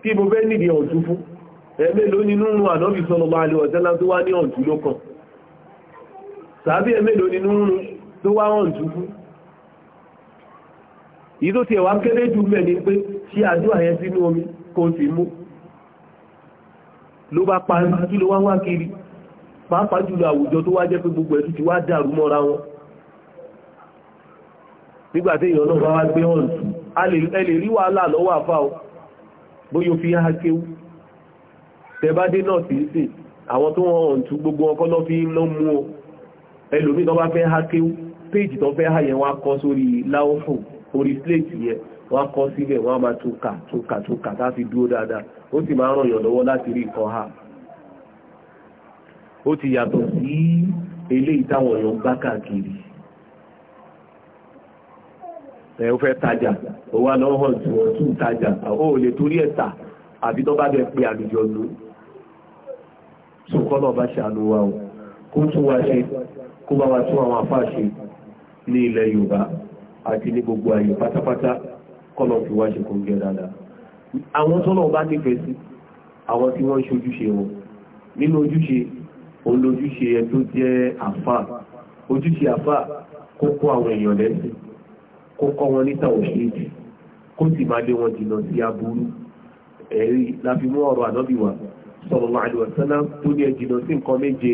[SPEAKER 1] kí mo fẹ́ nìdí ọ̀tún fún ẹ̀mẹ́ ló nínú rún ànábì sọ̀rọ̀ máa lè ọ̀tẹ́lá tó wá ní ọ̀tún ló kan ẹ̀mẹ́ ló rún tó wá ọ̀tún fún kiri pàápàá jùlọ àwùjọ tó wá jẹ́ pé gbogbo ẹ̀ nígbàtí èèyàn náà wá gbé hàn a lè rí wàhálà lọ́wọ́ àfá o yóò fi há kéwú tẹ́bádé náà sì sí àwọn tó wọ́n hàn gbogbo ọkọ́ lọ́ fi mú o ẹlòmí bá fẹ́ há kéwú péjì fẹ́ há kọ́ sórí láwọ́fò orí yẹn wá kọ́ wọ́n dúró dáadáa ó sì máa ràn yàn láti rí ẹ̀ ó fẹ́ tajà ó wá lọ́wọ́ hàn jù wọ́n tún tajà ó lè torí ẹ̀ tà àbí tó bá bẹ pé àlùjọ nù sùkọ́lọ̀ bá ṣàánú wa o kó tún wa ṣe kó bá wa tún àwọn afá ṣe ní ilẹ̀ Yorùbá àti ní gbogbo ayé pátápátá kọ́lọ̀ fi wá ṣe kò ń dáadáa àwọn àwọn èèyàn lẹ́sìn kó kọ́ wọn ní tàwọ̀ṣẹ́jì kó sì máa lé wọn jìnnà sí aburú ẹ̀rí láfi mú ọ̀rọ̀ ànábì wa sallallahu alaihi wasallam tó ní ẹ̀jìnà sí nǹkan méje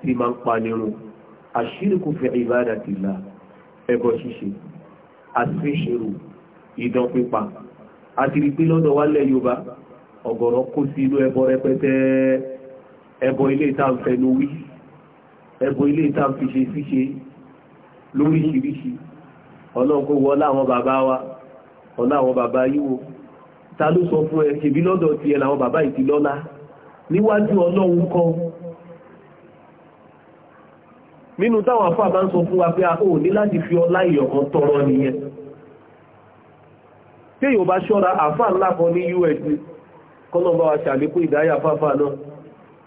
[SPEAKER 1] tí máa ń pa nírun àṣírìkù fi ibadatillah ẹbọ ṣíṣe àṣíṣirò ìdán pípa àti rí pé lọ́dọ̀ wálẹ̀ Yorùbá ọ̀gọ̀rọ̀ kó sí inú ẹbọ rẹpẹtẹ ẹbọ ilé ìta ń ẹbọ ilé ìta ṣe ṣíṣe lóríṣiríṣi ọlọ́run kó wọlá àwọn bàbá wa ọlá àwọn bàbá yíwo ta ló sọ fún ẹ ṣèbí lọ́dọ̀ ti ẹ làwọn bàbá yìí ti lọ́lá níwájú ọlọ́run kọ́ nínú táwọn afọ́ àbá ń sọ fún wa pé a ò ní láti fi ọlá ìyọ̀kan tọrọ nìyẹn tí èyàn bá ṣọ́ra àfà ńlá kan ní us kọ́nà bá wa ṣàlékún ìdáyà fáfà náà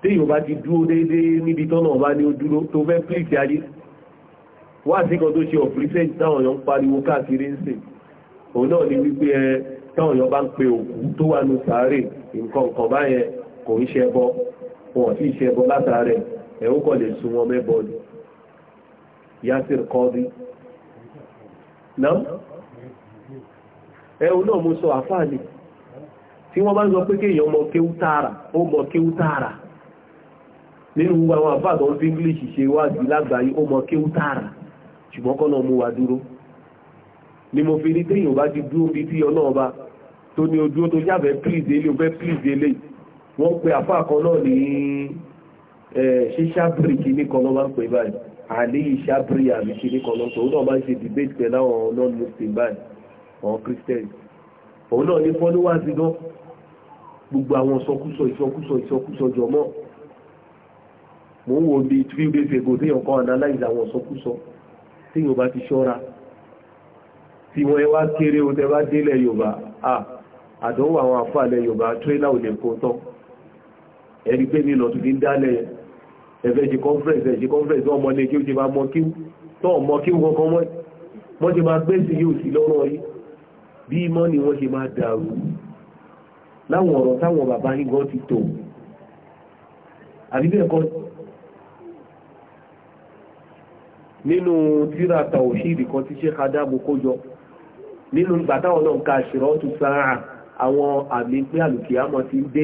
[SPEAKER 1] tí èyàn bá ti dúró déédéé níbi tọ́nà bá ní ó dúró tó fẹ́ pílìtì ayé wá sí kan tó ṣe ọ̀pírísẹ́ǹtì táwọn èèyàn ń pariwo káàkiri ń sìn òun náà ni wípé ẹ táwọn èèyàn bá ń pe òkú tó wà ní sàárè nǹkan nǹkan báyẹn kò ń ṣẹbọ wọn sì ṣẹbọ látàrẹ ẹ ó kàn lè sun wọn mẹ́bọ ni Yasir Kọ́dí náà ẹ̀hùn náà mo sọ àfáàlì tí wọ́n bá ń sọ pé kéèyàn mọ kéwú tààrà ó mọ kéwú tààrà nínú àwọn àfáàtọ̀ ń fi English ṣe wáàdì lágbàáyé ó mọ kéwú tààrà ṣùgbọ́n kọ́ náà mú wa dúró ni mo fi rí téèyàn bá ti dúró bíi tí ọlọ́run bá tó ní ojú tó yàbẹ̀ pílìsì ilé ọbẹ̀ pílìsì ilé wọ́n pe àfáà kan náà ní ṣíṣàbírì kìíní kan náà máa ń pè báyìí àlẹ́ ìṣàbírì àmì kìíní kan náà tòun náà máa ń ṣe debate pẹ̀lú àwọn non-muslim báyìí àwọn christians òun náà ní fọ́níwáàsì náà gbogbo àwọn ìsọkúsọ ìsọkúsọ ìsọkúsọ jọmọ́ mo ń wo bíi three days ago téèyàn kan analyze àwọn ìsọkúsọ tí yóò bá ti ṣọ́ra tí wọ́n ẹ kéré o tẹ́ bá délẹ̀ Yorùbá àdánwò àwọn àfààlẹ̀ Yorùbá tírélà ò lè kó tán ẹni pé nílọ tó fi ń dálẹ̀ ẹ̀fẹ́ ṣe conference ẹ̀ṣe conference wọ́n mọ́lé kí ó ṣe bá mọ́ kí tó mọ́ kí wọ́n kan mọ́ ṣe máa gbé sí yóò sí lọ́rọ̀ yìí bí mọ́ ni wọ́n ṣe máa dàrú láwọn ọ̀rọ̀ táwọn bàbá yín gan ti tò àbí nínú tíra tàwọ̀ṣìdì kan tí ṣe kádàbò kójọ nínú gbàtàwọn náà ká ṣìrọ́ tún sáà àwọn àmì pé àlùkìyàmọ̀ ti ń dé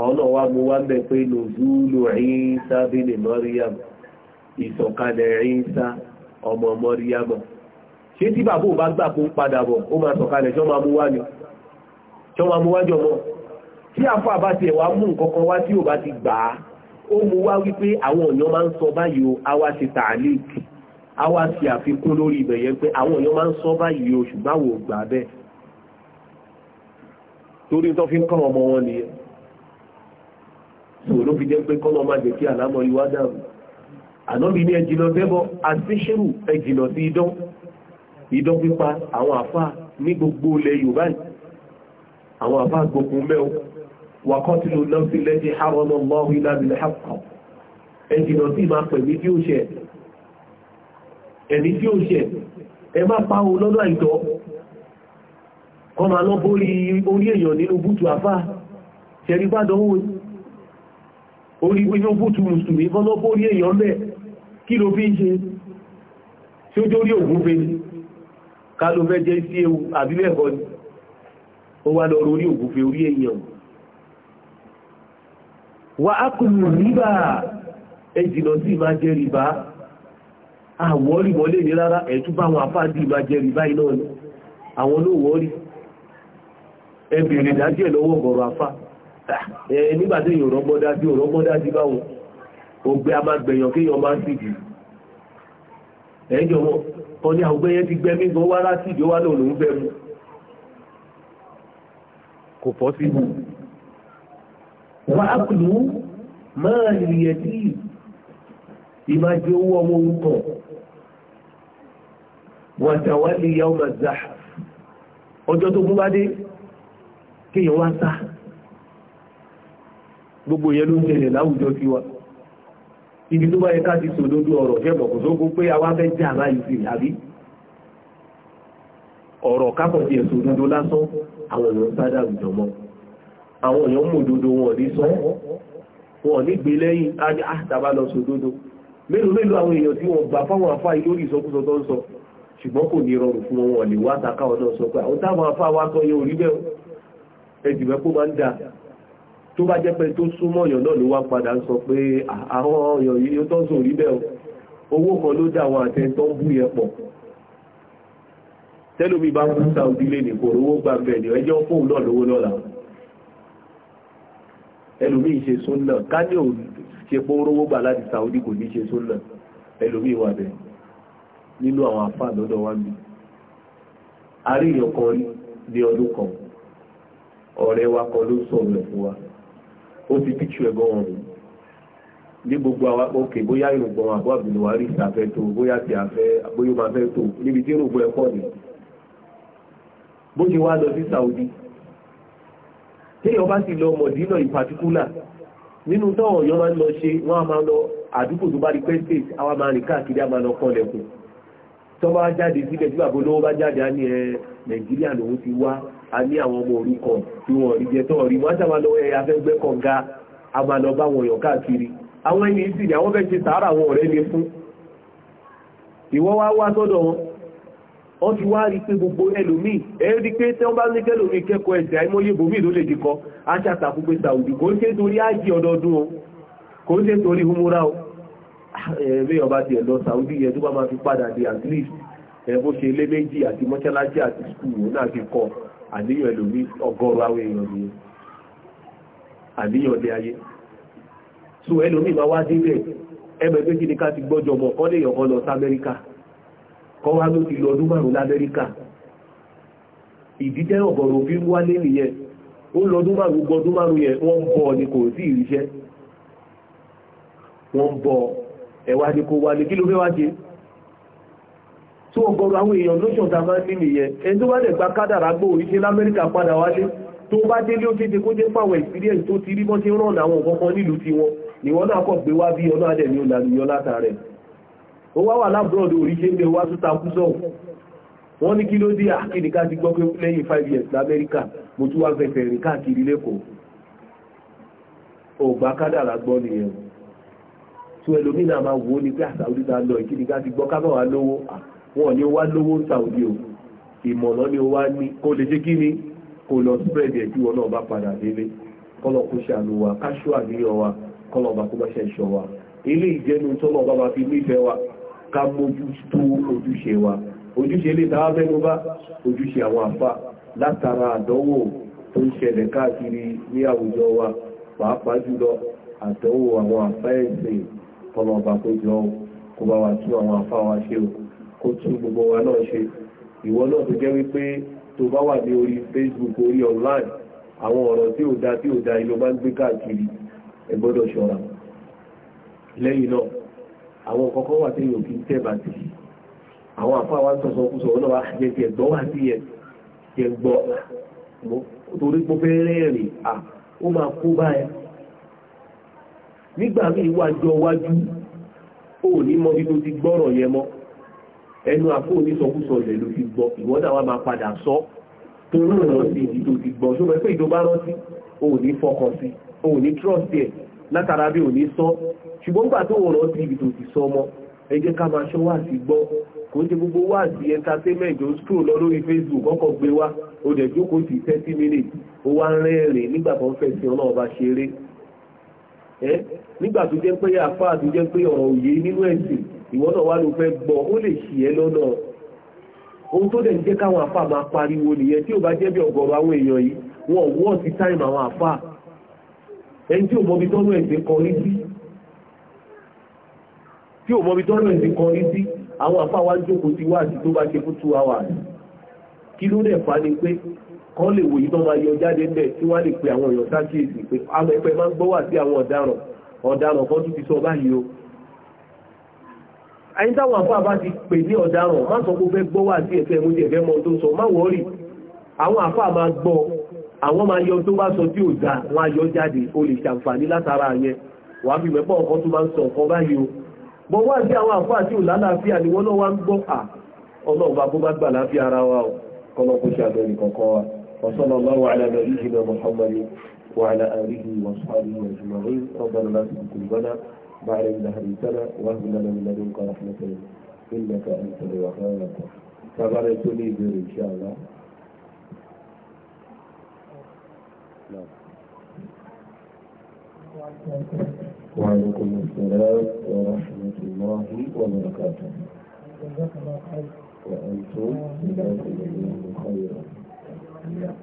[SPEAKER 1] àwọn náà wá mú wá ń bẹ̀ pé nùzúlù Ìsá bílẹ̀ mọ́ríyàmù ìsọ̀kalẹ̀ Ìsá ọmọ mọ́ríyàmù ṣé tí bàbá ò bá gbà kó padà bọ̀ ó máa sọ̀kalẹ̀ ṣọ́ máa mú wá ni tí àfọ́ àbá tiẹ̀ wá mú nǹkan kan wá tí ò bá ti gbà ó mú wá wípé àwọn èèyàn máa ń sọ báyìí o àwa ṣe tààlík àwa ṣe àfikún lórí ibẹ̀ yẹn pé àwọn èèyàn máa ń sọ báyìí o ṣùgbọ́n àwọn ò gbà bẹ́ẹ̀ torí tó fi ń kọ́ ọmọ wọn nìyẹn sòrò fi jẹ́ pé kọ́lọ́ máa jẹ́ kí àlámọ̀ ìwá dàrú ànábi ní ẹjìnà tẹ́bọ̀ àṣíṣẹ́rù ẹjìnà sí idán idán pípa àwọn àfáà ní gbogbo ilẹ̀ Yorùbá àwọn àfáà gbogbo mẹ́wọ́ wàkọ́tìlú lọ́sí lẹ́dí harọ́nà mọ́wí ìlàbílẹ̀ hapkọ̀ ẹjìnà tí ma pẹ̀lú tí ó ṣẹ̀ ẹ̀mí tí ó ṣẹ̀ ẹ má pa ohun lọ́nà àìtọ́ kọ́ ma lọ bórí orí èèyàn nínú bútu àfá ṣẹ̀rí bá dánwò orí inú bútu wa á kùnú ríbà ẹjìnà sí ìmá jẹ́ ríbà àwọ́rí wọlé ní rárá ẹ̀tú bá wọn àfáàdì ìmá jẹ́ ríbà iná ni àwọn olówọ́rí ẹbìnrin ìdájí ẹ̀ lọ́wọ́ gọ̀rọ̀ afá nígbàtí èèyàn rọ́gbọ́dájí rọ́gbọ́dájí báwọn ògbé a máa gbẹ̀yàn kéèyàn máa ń sìdì ẹ̀ẹ́jọ̀ wọn kọ́ wà á kùlù máa nìyẹn tí ìmájú owó ọmọ orúkọ wà tàwálì yawm az-zahf ọjọ́ tó gún bá dé kéèyàn wá sá gbogbo yẹn ló ń tẹ̀lẹ̀ láwùjọ sí wa ibi tó bá yẹ ká ti sọ lójú ọ̀rọ̀ jẹ́ mọ̀ kò tó kó pé àwa fẹ́ jà báyìí sí àbí ọ̀rọ̀ kápọ̀ tiẹ̀ sọ lásán àwọn èèyàn sáré àwùjọ mọ́ àwọn èèyàn mú òdodo wọn rí sọ wọn ní gbé lẹ́yìn àtàbà ah, lọ sódodo mélòó mélòó àwọn èèyàn tí wọ́n gbà fáwọn afá lórí ìsọkúsọ tó ń sọ ṣùgbọ́n kò ní rọrùn fún wọn lè wá àtàkà ọ̀nà sọ pé àwọn táwọn afá wa sọ yẹn orí bẹ́ẹ̀ ẹjùmẹ́ kó máa ń da tó bá jẹ́ pé tó súnmọ́ ọ̀yàn náà ló wá padà ń sọ pé ah, àwọn ọ̀yàn yìí tó ń sọ orí bẹ́ẹ̀ owó kan ló dá àwọn àtẹ́ntọ́ ń bú yẹn pọ̀ tẹ́lómi bá kú sáà òdílé nìkòrò owó gbà bẹ́ẹ̀ ni ẹjọ́ fóun náà lówó lọ́la ẹlòmí ṣe súnnà ká ní òun ṣe pọ́ rówó gbà láti Saudi kò ní ṣe súnnà ẹlòmí wà bẹ̀ nínú àwọn afá lọ́dọ̀ wá bí àríyàn kan ní ọdún kan ọ̀rẹ́ wa kan ló sọ̀rọ̀ fún wa ó ti píkṣù ẹ̀gbọ́n wọn rèé ní gbogbo àwọn òkè bóyá ìrùngbọ̀n àbọ̀ àbìlùwárí ìsàfẹ́ tó bóyá ti àfẹ́ bóyá máa fẹ́ tó níbi tí ìrùngbọ̀n ẹ̀kọ́ ni bó ti wá lọ sí Saudi téèyàn bá sì lọ mọ̀dínà in particular nínú táwọn ọ̀yọ́ máa ń lọ ṣe wọ́n á máa lọ àdúgbò tó bá di pẹ́ńtẹ̀t àwa máa rìn káàkiri a máa lọ kọ́ lẹ́kùn tó bá jáde sílẹ̀ tí bàbá olówó bá jáde á ní ẹ nàìjíríà lòun ti wá a ní àwọn ọmọ orúkọ tí wọn rí jẹ tó rí wọn sábà lọ ẹ afẹ́gbẹ́ kọ̀ǹga a máa lọ bá wọn yàn káàkiri àwọn ẹni ìsìn ni àwọn fẹ́ ṣe sàárà àwọn ọ̀rẹ́ wọ́n ti wá rí pé gbogbo ẹlòmíì ẹ̀rí pé tí wọ́n bá ní kẹlòmíì kẹ́kọ̀ọ́ ẹ̀sẹ̀ àìmọye bòmíì ló lè di kọ́ aṣàtàkù pé sàùdì kò ń ṣe torí ọdọọdún o kò ń ṣe torí humura o ẹ̀rí ọba tiẹ̀ lọ sàùdì yẹn tó bá máa fi padà di at least ṣe lé méjì àti mọ́ṣáláṣí kọ́ wá ló ti lọ ọdún márùn lamẹ́ríkà ìdíjẹ́ ọ̀gọ̀rọ̀ fi ń wálé nìyẹn ó lọ márùn gbọdún márùn yẹn wọ́n bọ̀ ni kò sí ìríṣẹ́ wọ́n bọ̀ ẹ̀wà ni kò wálé kí ló fẹ́ wá ṣe tó ọ̀gọ̀rọ̀ àwọn èèyàn lóṣùn tá a máa ń ní nìyẹn ẹni tó bá dẹ̀ gba kádàrá gbó oríṣẹ́ lamẹ́ríkà padà wálé tó bá délé ó ṣeéṣe kó jẹ́ pàwọ̀ experience tó ti rí bọ́n ti rán àwọn nǹkan nílùú tiwọn ìwọ náà kọ̀ gbé wá bí ọlọ́ ó wá wà lábúrọ̀dù oríṣẹ́ ní owó àtúta kúsọ̀ wọ́n ní kí ló dé àkíníká ti gbọ́ pé lẹ́yìn five years lamẹ́ríkà mo tún wá fẹsẹ̀ rìn káàkiri lẹ́kọ̀ọ́ ògbà kádàrà gbọ́ nìyẹn tí ẹlòmínà máa wò ó ní pé àsàwùdí ta lọ ìkíníká ti gbọ́ kábàwá lówó wọn ni ó wá lówó ń sàwùdí o ìmọ̀nà ni ó wá ní kó lè ṣe kí ni kò lọ spread ẹ̀ tí wọn náà bá padà délé kọ́lọ̀ kó ṣàánú wa káṣọ́ àníyàn wa kọ́lọ̀ bá kó bá ṣe wa ilé ìjẹnu tọ́lọ̀ bá fi nífẹ̀ẹ́ wa ká mójú tó ojúṣe wa ojúṣe lè tàwà mẹ́nu bá ojúṣe àwọn àfá látara àdánwò tó ń ṣẹlẹ̀ káàkiri ní àwùjọ wa pàápàá jùlọ àdánwò àwọn àfá ẹ̀sìn kọlọ̀ọ̀bà kó jọ kó bá wa tún àwọn àfá wa ṣe o kó tún gbogbo wa náà ṣe ìwọ náà tó jẹ́ wípé tó bá wà ní orí Facebook orí online àwọn ọ̀rọ̀ tí ò da tí ò da ìlú bá ń gbé káàkiri ẹ ṣọ́ra lẹ́yìn náà àwọn kọ̀ọ̀kan wà tí yóò fi tẹ́bà tí àwọn àfá wa ń sọ̀sọ̀ kú sọ̀rọ̀ náà jẹ́ ti ẹ̀gbọ́ wá sí ẹ̀ ti ẹ̀gbọ́ torí pé fẹ́ rẹ́rìn à ó máa kó báyà nígbà míì wájú ọwájú ó ní mọ bí tó ti gbọ́rọ̀ yẹn mọ́ ẹnu àpò onísọkúsọ ilẹ̀ ló fi gbọ́ ìwọ́n náà wá máa padà sọ torí ọ̀nà sí ìdí tó ti gbọ́ ṣó fẹ́ pé ìjọba rántí ó ní fọkàn sí ó ní trust ẹ̀ látara bí ò ní sọ ṣùgbọ́n gbà tó wọ̀rọ̀ ti ibi tó ti sọ ọmọ ẹ ká máa ṣọ́ wáàsí gbọ́ kò ń ṣe gbogbo wáàsí entertainment ó scroll lọ lórí facebook ọkọ̀ gbé wá ó dẹ̀ jókòó sí thirty minutes ó wá ń rẹ́rìn nígbà tó ń fẹ́ sí ọlọ́run bá nígbà tó jẹ́ pé tó jẹ́ pé ọ̀rọ̀ òye nínú ẹ̀sìn ìwọ náà wá ohun tó dẹ̀ ń jẹ́ káwọn máa pariwo nìyẹn tí ò bá jẹ́ bí ọ̀gọ̀rọ̀ àwọn èèyàn yìí wọn ò ẹni tí ò mọ́bí tọ́nú ẹ̀sìn kọrí sí tí ò mọ́bí tọ́nú ẹ̀sìn kọrí sí àwọn àfáwá jókòó ti wá àti tó bá ṣe fún two hours kí ló dẹ̀ fa ni pé kọ́ lè wòye tó máa yọ jáde bẹ́ẹ̀ tí wọ́n lè pe àwọn èèyàn sákìyèsí pé àwọn ẹgbẹ́ máa ń gbọ́ wà sí àwọn ọ̀daràn ọ̀daràn kan tún ti sọ báyìí àwọn máa yọ tó bá sọ tí ò dá wọn á yọ jáde o lè ṣàǹfààní látara yẹn wàá fi mẹ́pọ̀ ọkọ̀ tó máa ń sọ ọ̀kan báyìí o bọ́ wá sí àwọn àfáà tí ò lálàáfíà ni wọ́n náà wá ń gbọ́ à ọlọ́run bá bó bá gbà láfíà ara wa o kọ́lọ́ kó ṣàbẹ̀ nìkan kan wa وصلى الله على نبينا محمد وعلى آله وصحبه أجمعين ربنا لا تزغ قلوبنا بعد إذ هديتنا وهب لنا من لدنك رحمة وعليكم السلام
[SPEAKER 2] ورحمة الله وبركاته وأنتم جزاكم الله خيرا لا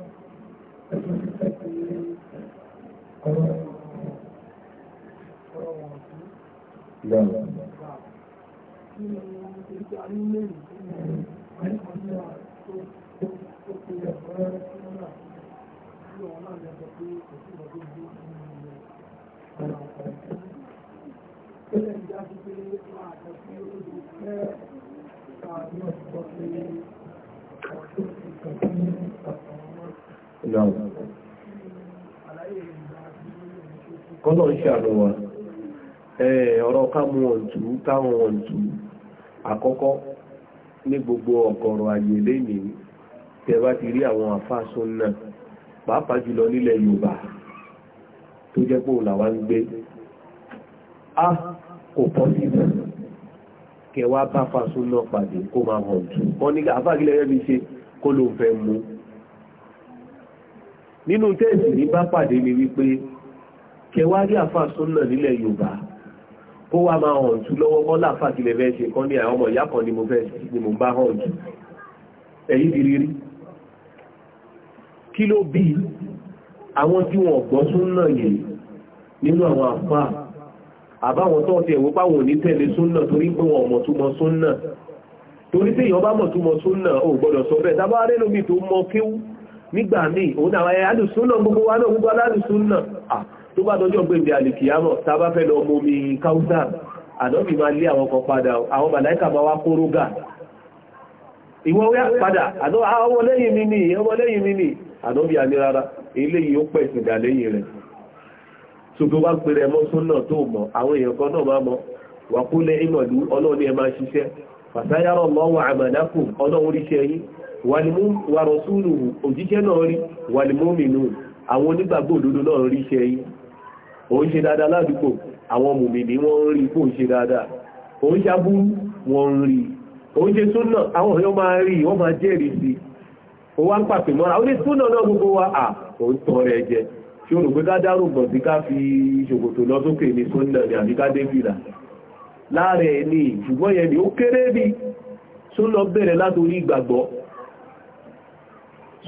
[SPEAKER 2] Thank you.
[SPEAKER 1] ìsìláàmù kọ́lọ̀ ń ṣàlọ́wà ọ̀rọ̀ kámú ọ̀tù táwọn ọ̀tù àkọ́kọ́ ní gbogbo ọ̀gọ̀rọ̀ àyè lẹ́ni tẹ́ bá ti rí àwọn àfáàsùn náà pàápàá jùlọ nílẹ̀ Yorùbá tó jẹ́ pé òlàwà ń gbé a kò pọ́ sí ìlú kẹwàá bá fàásùn náà pàdé kó máa hàn jù wọ́n ní àfáàgílẹ̀ rẹ̀ nínú tẹ́ẹ̀sì ní bá pàdé ni wípé kẹwàárí àfà súnà nílẹ̀ yorùbá kó wá máa hàn jù lọ́wọ́ mọ́ láfà tilẹ̀ fẹ́ ṣe kán ní àwọn ọmọ ìyá kan ni mo fẹ́ ni mo bá hàn jù èyí ti rírí kí ló bí àwọn tí wọn gbọ́ súnà yìí nínú àwọn àfà àbáwọn tó ti ẹ̀wọ́ páwọn ò ní tẹ̀lé súnà torí pé wọn ọmọ túmọ̀ súnà torí pé èèyàn bá mọ̀ túmọ̀ súnà ò gbọ́dọ̀ sọ bẹ́ẹ̀ tábà lómi tó mọ kéwú nígbà míì òun àwọn ẹ̀yà alùsúnà gbogbo wa náà gbogbo alùsúnà tó bá dọjọ́ pé àlìkìyàmọ̀ tá a bá fẹ́ lọ ọmọ omi káúsà àdọ́bì máa lé àwọn kan padà àwọn màláìkà máa wá kóró gà ìwọ wíyà padà ọmọlẹ́yìn mi ni ni àdọ́bì àní rárá eléyìí ó pẹ̀ ìsìnkà lẹ́yìn rẹ̀ ṣùgbọ́n wá pèrè ẹmọ àmàdákù ọlọ́run wà rọ̀súlù òjíṣẹ́ náà rí wà ní mọ́mìnú àwọn onígbàgbọ́ òdodo náà rí iṣẹ́ yìí òun ṣe dáadáa ládùúgbò àwọn mùmìnì wọ́n ń rí kó ń ṣe dáadáa òun ṣàbúrú wọ́n ń rí òun ṣe súnà àwọn èèyàn máa rí wọ́n máa jẹ́rìí sí ó wá ń pàpè mọ́ra ó ní súnà náà gbogbo wa à òun tọ́ rẹ jẹ tí ó ká dárò gbọ̀n sí ká fi ṣòkòtò lọ sókè ní súnà ní àbí ká dé ní ṣùgbọ́n yẹn ni ó kéré bí súnà bẹ̀rẹ̀ látòrí ìgbàgbọ́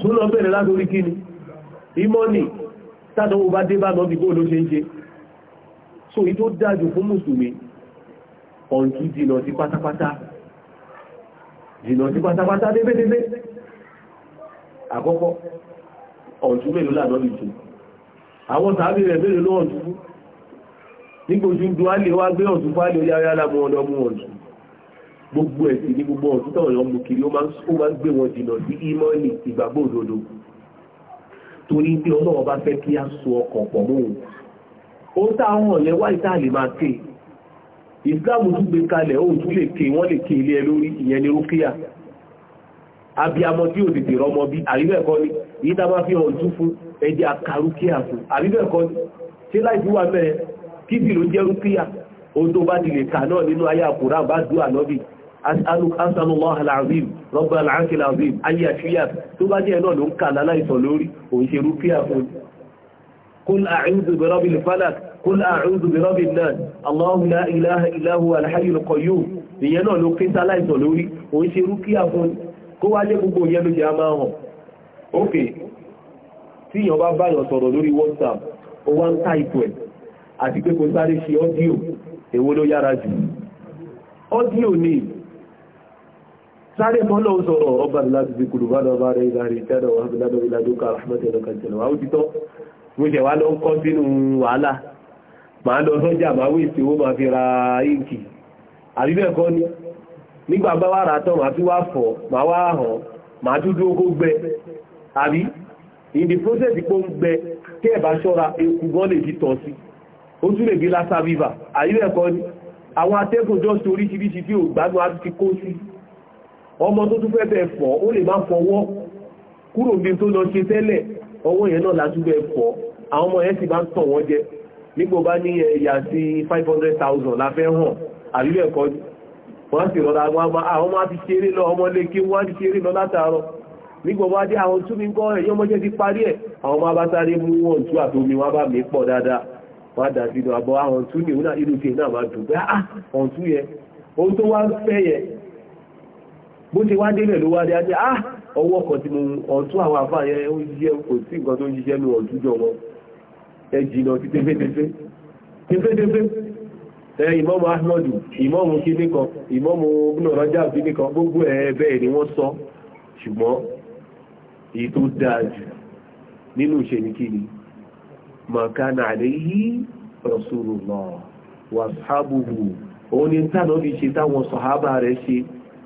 [SPEAKER 1] súnà bẹ̀rẹ̀ látorí kí ni ìmọ́ni tàdánwò bá dé bá náà bí bóòlò ṣe ń ṣe so yí tó dájú fún mùsùlùmí ọ̀nkí jìnà sí pátápátá jìnà sí pátápátá débédébé àkọ́kọ́ ọ̀tún mélòó lànà lè jù àwọn tàbí rẹ̀ mélòó lọ́ọ̀tún nígbòjú ń du á lè wá gbé ọ̀tún fáàlì orí ayálámú ọ̀dọ́mú ọ̀tún gbogbo ẹ̀sìn ní gbogbo ọ̀tún táwọn èèyàn mú kiri ó máa ń gbé wọn jìnnà sí ìmọ̀ọ́nì ìgbàgbọ́ òdodo torí pé ọlọ́wọ́ bá fẹ́ kí á so ọkàn pọ̀ mọ́ òun ó táwọn ọ̀lẹ́ wá ìta lè máa ké ìsìláàmù tún gbé kalẹ̀ òun tún lè ké wọ́n lè ké ilé ẹ lórí ìyẹn ní rúkíyà abiyamọ tí ò tètè rọmọ bí àríbẹ̀kọ́ ni èyí tá bá fi hàn tún fún ẹjẹ́ akarúkíyà fún àríbẹ̀kọ́ ni ṣé láìsí wà mẹ́rẹ̀ kí sì ló jẹ́ rúkíyà ohun tó bá ti lè kà náà nínú ayé àkùrá bá dúà lọ́bì as'aluka as'alullaha al-azim rabbal arshil azim ayé àṣíyà tó bá jẹ́ náà ló ń kà láláìsàn lórí òun ṣe rúkíà fún قل أعوذ برب الفلك قل أعوذ برب الناس الله لا إله إلا هو الحي القيوم ìyẹn náà ló kí sáláìsàn lórí òun ṣe rúkíà fún kó wá lé gbogbo ìyẹn ló jẹ àmà hàn ókè tí èèyàn bá báyọ̀ ni sáré mọ́lọ́ sọ̀rọ̀ ọba láti fi kùrù bá lọ́ba rẹ̀ ìgbàrí tẹ́lẹ̀ wà fi lánà ìlàjú ká àmọ́tẹ̀ lọ́kà ìṣẹ̀lẹ̀ wà ó ti tọ́ mo ṣẹ̀ wá lọ ń kọ́ sínú wàhálà màá lọ sọ́jà máa wé ìṣòwò máa fi ra íǹkì àbí bẹ́ẹ̀ kọ́ ni nígbà bá wà rà tán màá fi wá fọ̀ màá wá hàn màá dúdú ogó gbẹ àbí in process kó ń gbẹ tí ẹ̀ bá ṣọ́ra eku gan lè fi tọ̀ sí ó tún lè bí lásà viva àbí bẹ́ẹ̀ kọ́ ni àwọn atẹ́gùn jọ́ sí oríṣiríṣi tí ò gbádùn á ti kó sí ọmọ tó tún fẹ́ bẹ́ẹ̀ ó lè bá fọwọ́ kúrò bí tó lọ ṣe tẹ́lẹ̀ ọwọ́ yẹn náà látúgbẹ́ bẹ́ẹ̀ àwọn ọmọ yẹn sì bá ń tàn wọ́n jẹ nígbò bá ní ẹ̀yà eh, sí 500,000 la hàn àlúlé ẹ̀kọ́ wọ́n sì rọra àwọn ọmọ lè kí wọ́n ti lọ látàárọ̀ nígbò bá dé àwọn tún mi ti parí ẹ̀ àwọn mú wọn tú àtomi wọn bá mi pọ̀ dáadáa wọ́n dà sínú àbọ̀ àwọn tún ní bó ṣe wá délẹ̀ ló wá dé ajé ah ọwọ́ kan ti mú ọ̀tún àwọn àfà yẹn ó yẹ kò sí nǹkan tó ń wọn ẹjì jìnà ti tẹfẹ́tẹfẹ́ tẹfẹ́tẹfẹ́ ẹ ìmọ̀mù ahmadu ìmọ̀mù kíní kan ìmọ̀mù gbọ́nàrọ́jà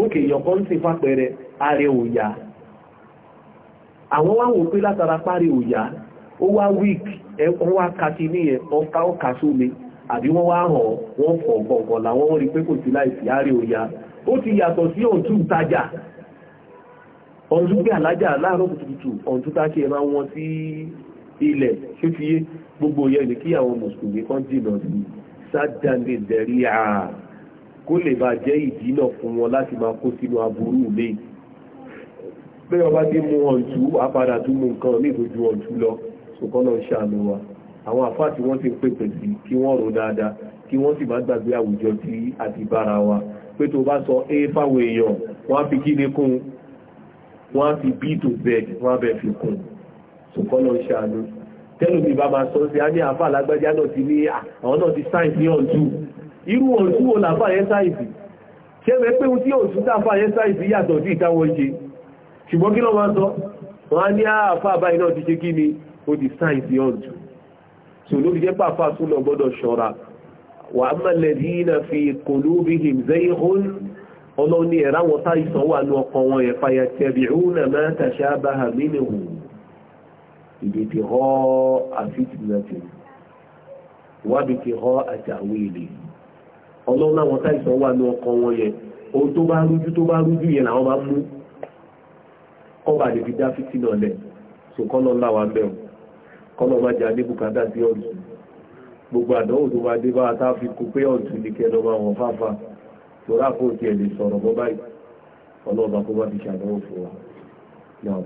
[SPEAKER 1] òkè yọ̀kọ́ ń sì fàpẹẹrẹ ààrẹ òyà àwọn wá wò pé látara párí òyà ó wá wík ẹ̀kọ́ wá kàtí ní ẹ̀ ọ̀ká ọ̀ká sómi àbí wọ́n wá hàn wọ́n fọ̀ gbọ̀ngàn làwọn rí pé kò sí láìsí ààrẹ òyà ó ti yàtọ̀ sí ọ̀tún tajà ọ̀tún gbé àlájà láàárọ̀ kùtùkùtù ọ̀tún táṣe ẹ̀rọ wọn sí ilẹ̀ ṣé fi gbogbo yẹn ní kí àwọn mùsùlùmí kan jìnnà sí sádàlẹ̀ dẹ̀ríà kó lè bá jẹ́ ìdínà fún wọn láti máa kó sínú aburú mi pé ọba tí mú ọ̀tú apadà tún mú nǹkan ní ìtòjú ọ̀tú lọ ṣùkọ́nà ṣàánú wa àwọn àfáà tí wọ́n ti ń pèpè sí kí wọ́n rò dáadáa kí wọ́n sì má gbàgbé àwùjọ tí a ti bára wa pé tó bá sọ a fáwọn èèyàn wọ́n á fi kí ní kún wọ́n á fi b to z wọ́n á bẹ̀ fi kún ṣùkọ́nà ṣàánú tẹ́lùmí bá máa sọ sí a ní àfáà lágbájá náà ti ní àwọn náà ti sáìn ní ọ̀tú irú òṣù wo làfà ẹ́sáìsì ṣe rẹ̀ pé tí òṣù tàfà ẹ́sáìsì yàtọ̀ sí ìtawọ́ ṣe ṣùgbọ́n kí lọ máa sọ wọ́n ní ah, àfà báyìí náà ti ṣe kí ni ó di sáìsì ọ̀dù so ló fi jẹ́ pàfà tún lọ gbọ́dọ̀ ṣọ́ra wà á mọ̀lẹ̀ dínà fi kòlú bí him zẹ́yìn hún họ́ àfitìnàtì wábìtì họ́ ọlọ́run àwọn táìsàn wà ní ọkàn wọn yẹn ohun tó bá rújú tó bá rújú yẹn làwọn bá mú kọ́ba lè fi dá fítì náà lẹ̀ so kọ́nà ńlá wa bẹ̀ ọ́ kọ́nà má jẹ́ adébùkátà sí ọ̀dùn gbogbo àdánwò tó bá dé bá tá a fi kú pé ọ̀dùn ní kẹ́ lọ́mọ àwọn fáfá torá kò tiẹ̀ lè sọ̀rọ̀ mọ́ báyìí ọlọ́ọ̀bá kó bá fi ṣàdánwò fún wa náà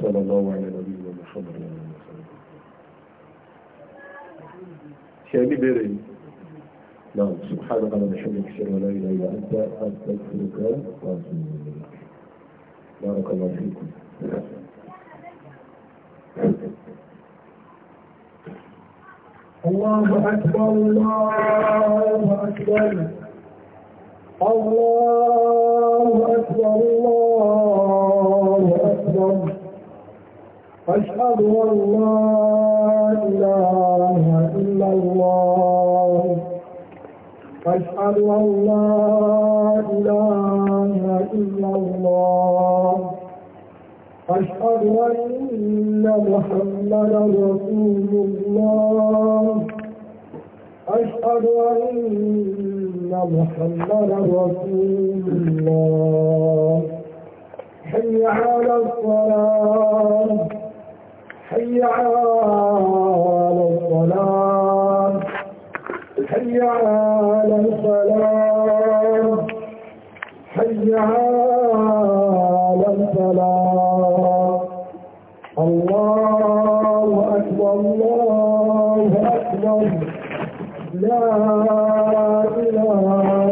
[SPEAKER 1] sọ̀rọ̀ lọ́wọ́ ẹ̀ lọ́bí ìwọ̀n mọ̀ sọ̀rọ̀ yìí نعم سبحانك اللهم وبحمدك اشهد ان لا اله الا انت استغفرك واتوب اليك بارك الله فيكم
[SPEAKER 2] الله أكبر الله أكبر الله أكبر الله أكبر أشهد أن لا إله إلا الله أشهد أن لا إله إلا الله أشهد أن محمدا رسول الله أشهد أن محمدا رسول الله حي على الصلاة حي على الصلاة حي على الفلاح حي على الفلاح الله أكبر الله أكبر لا إله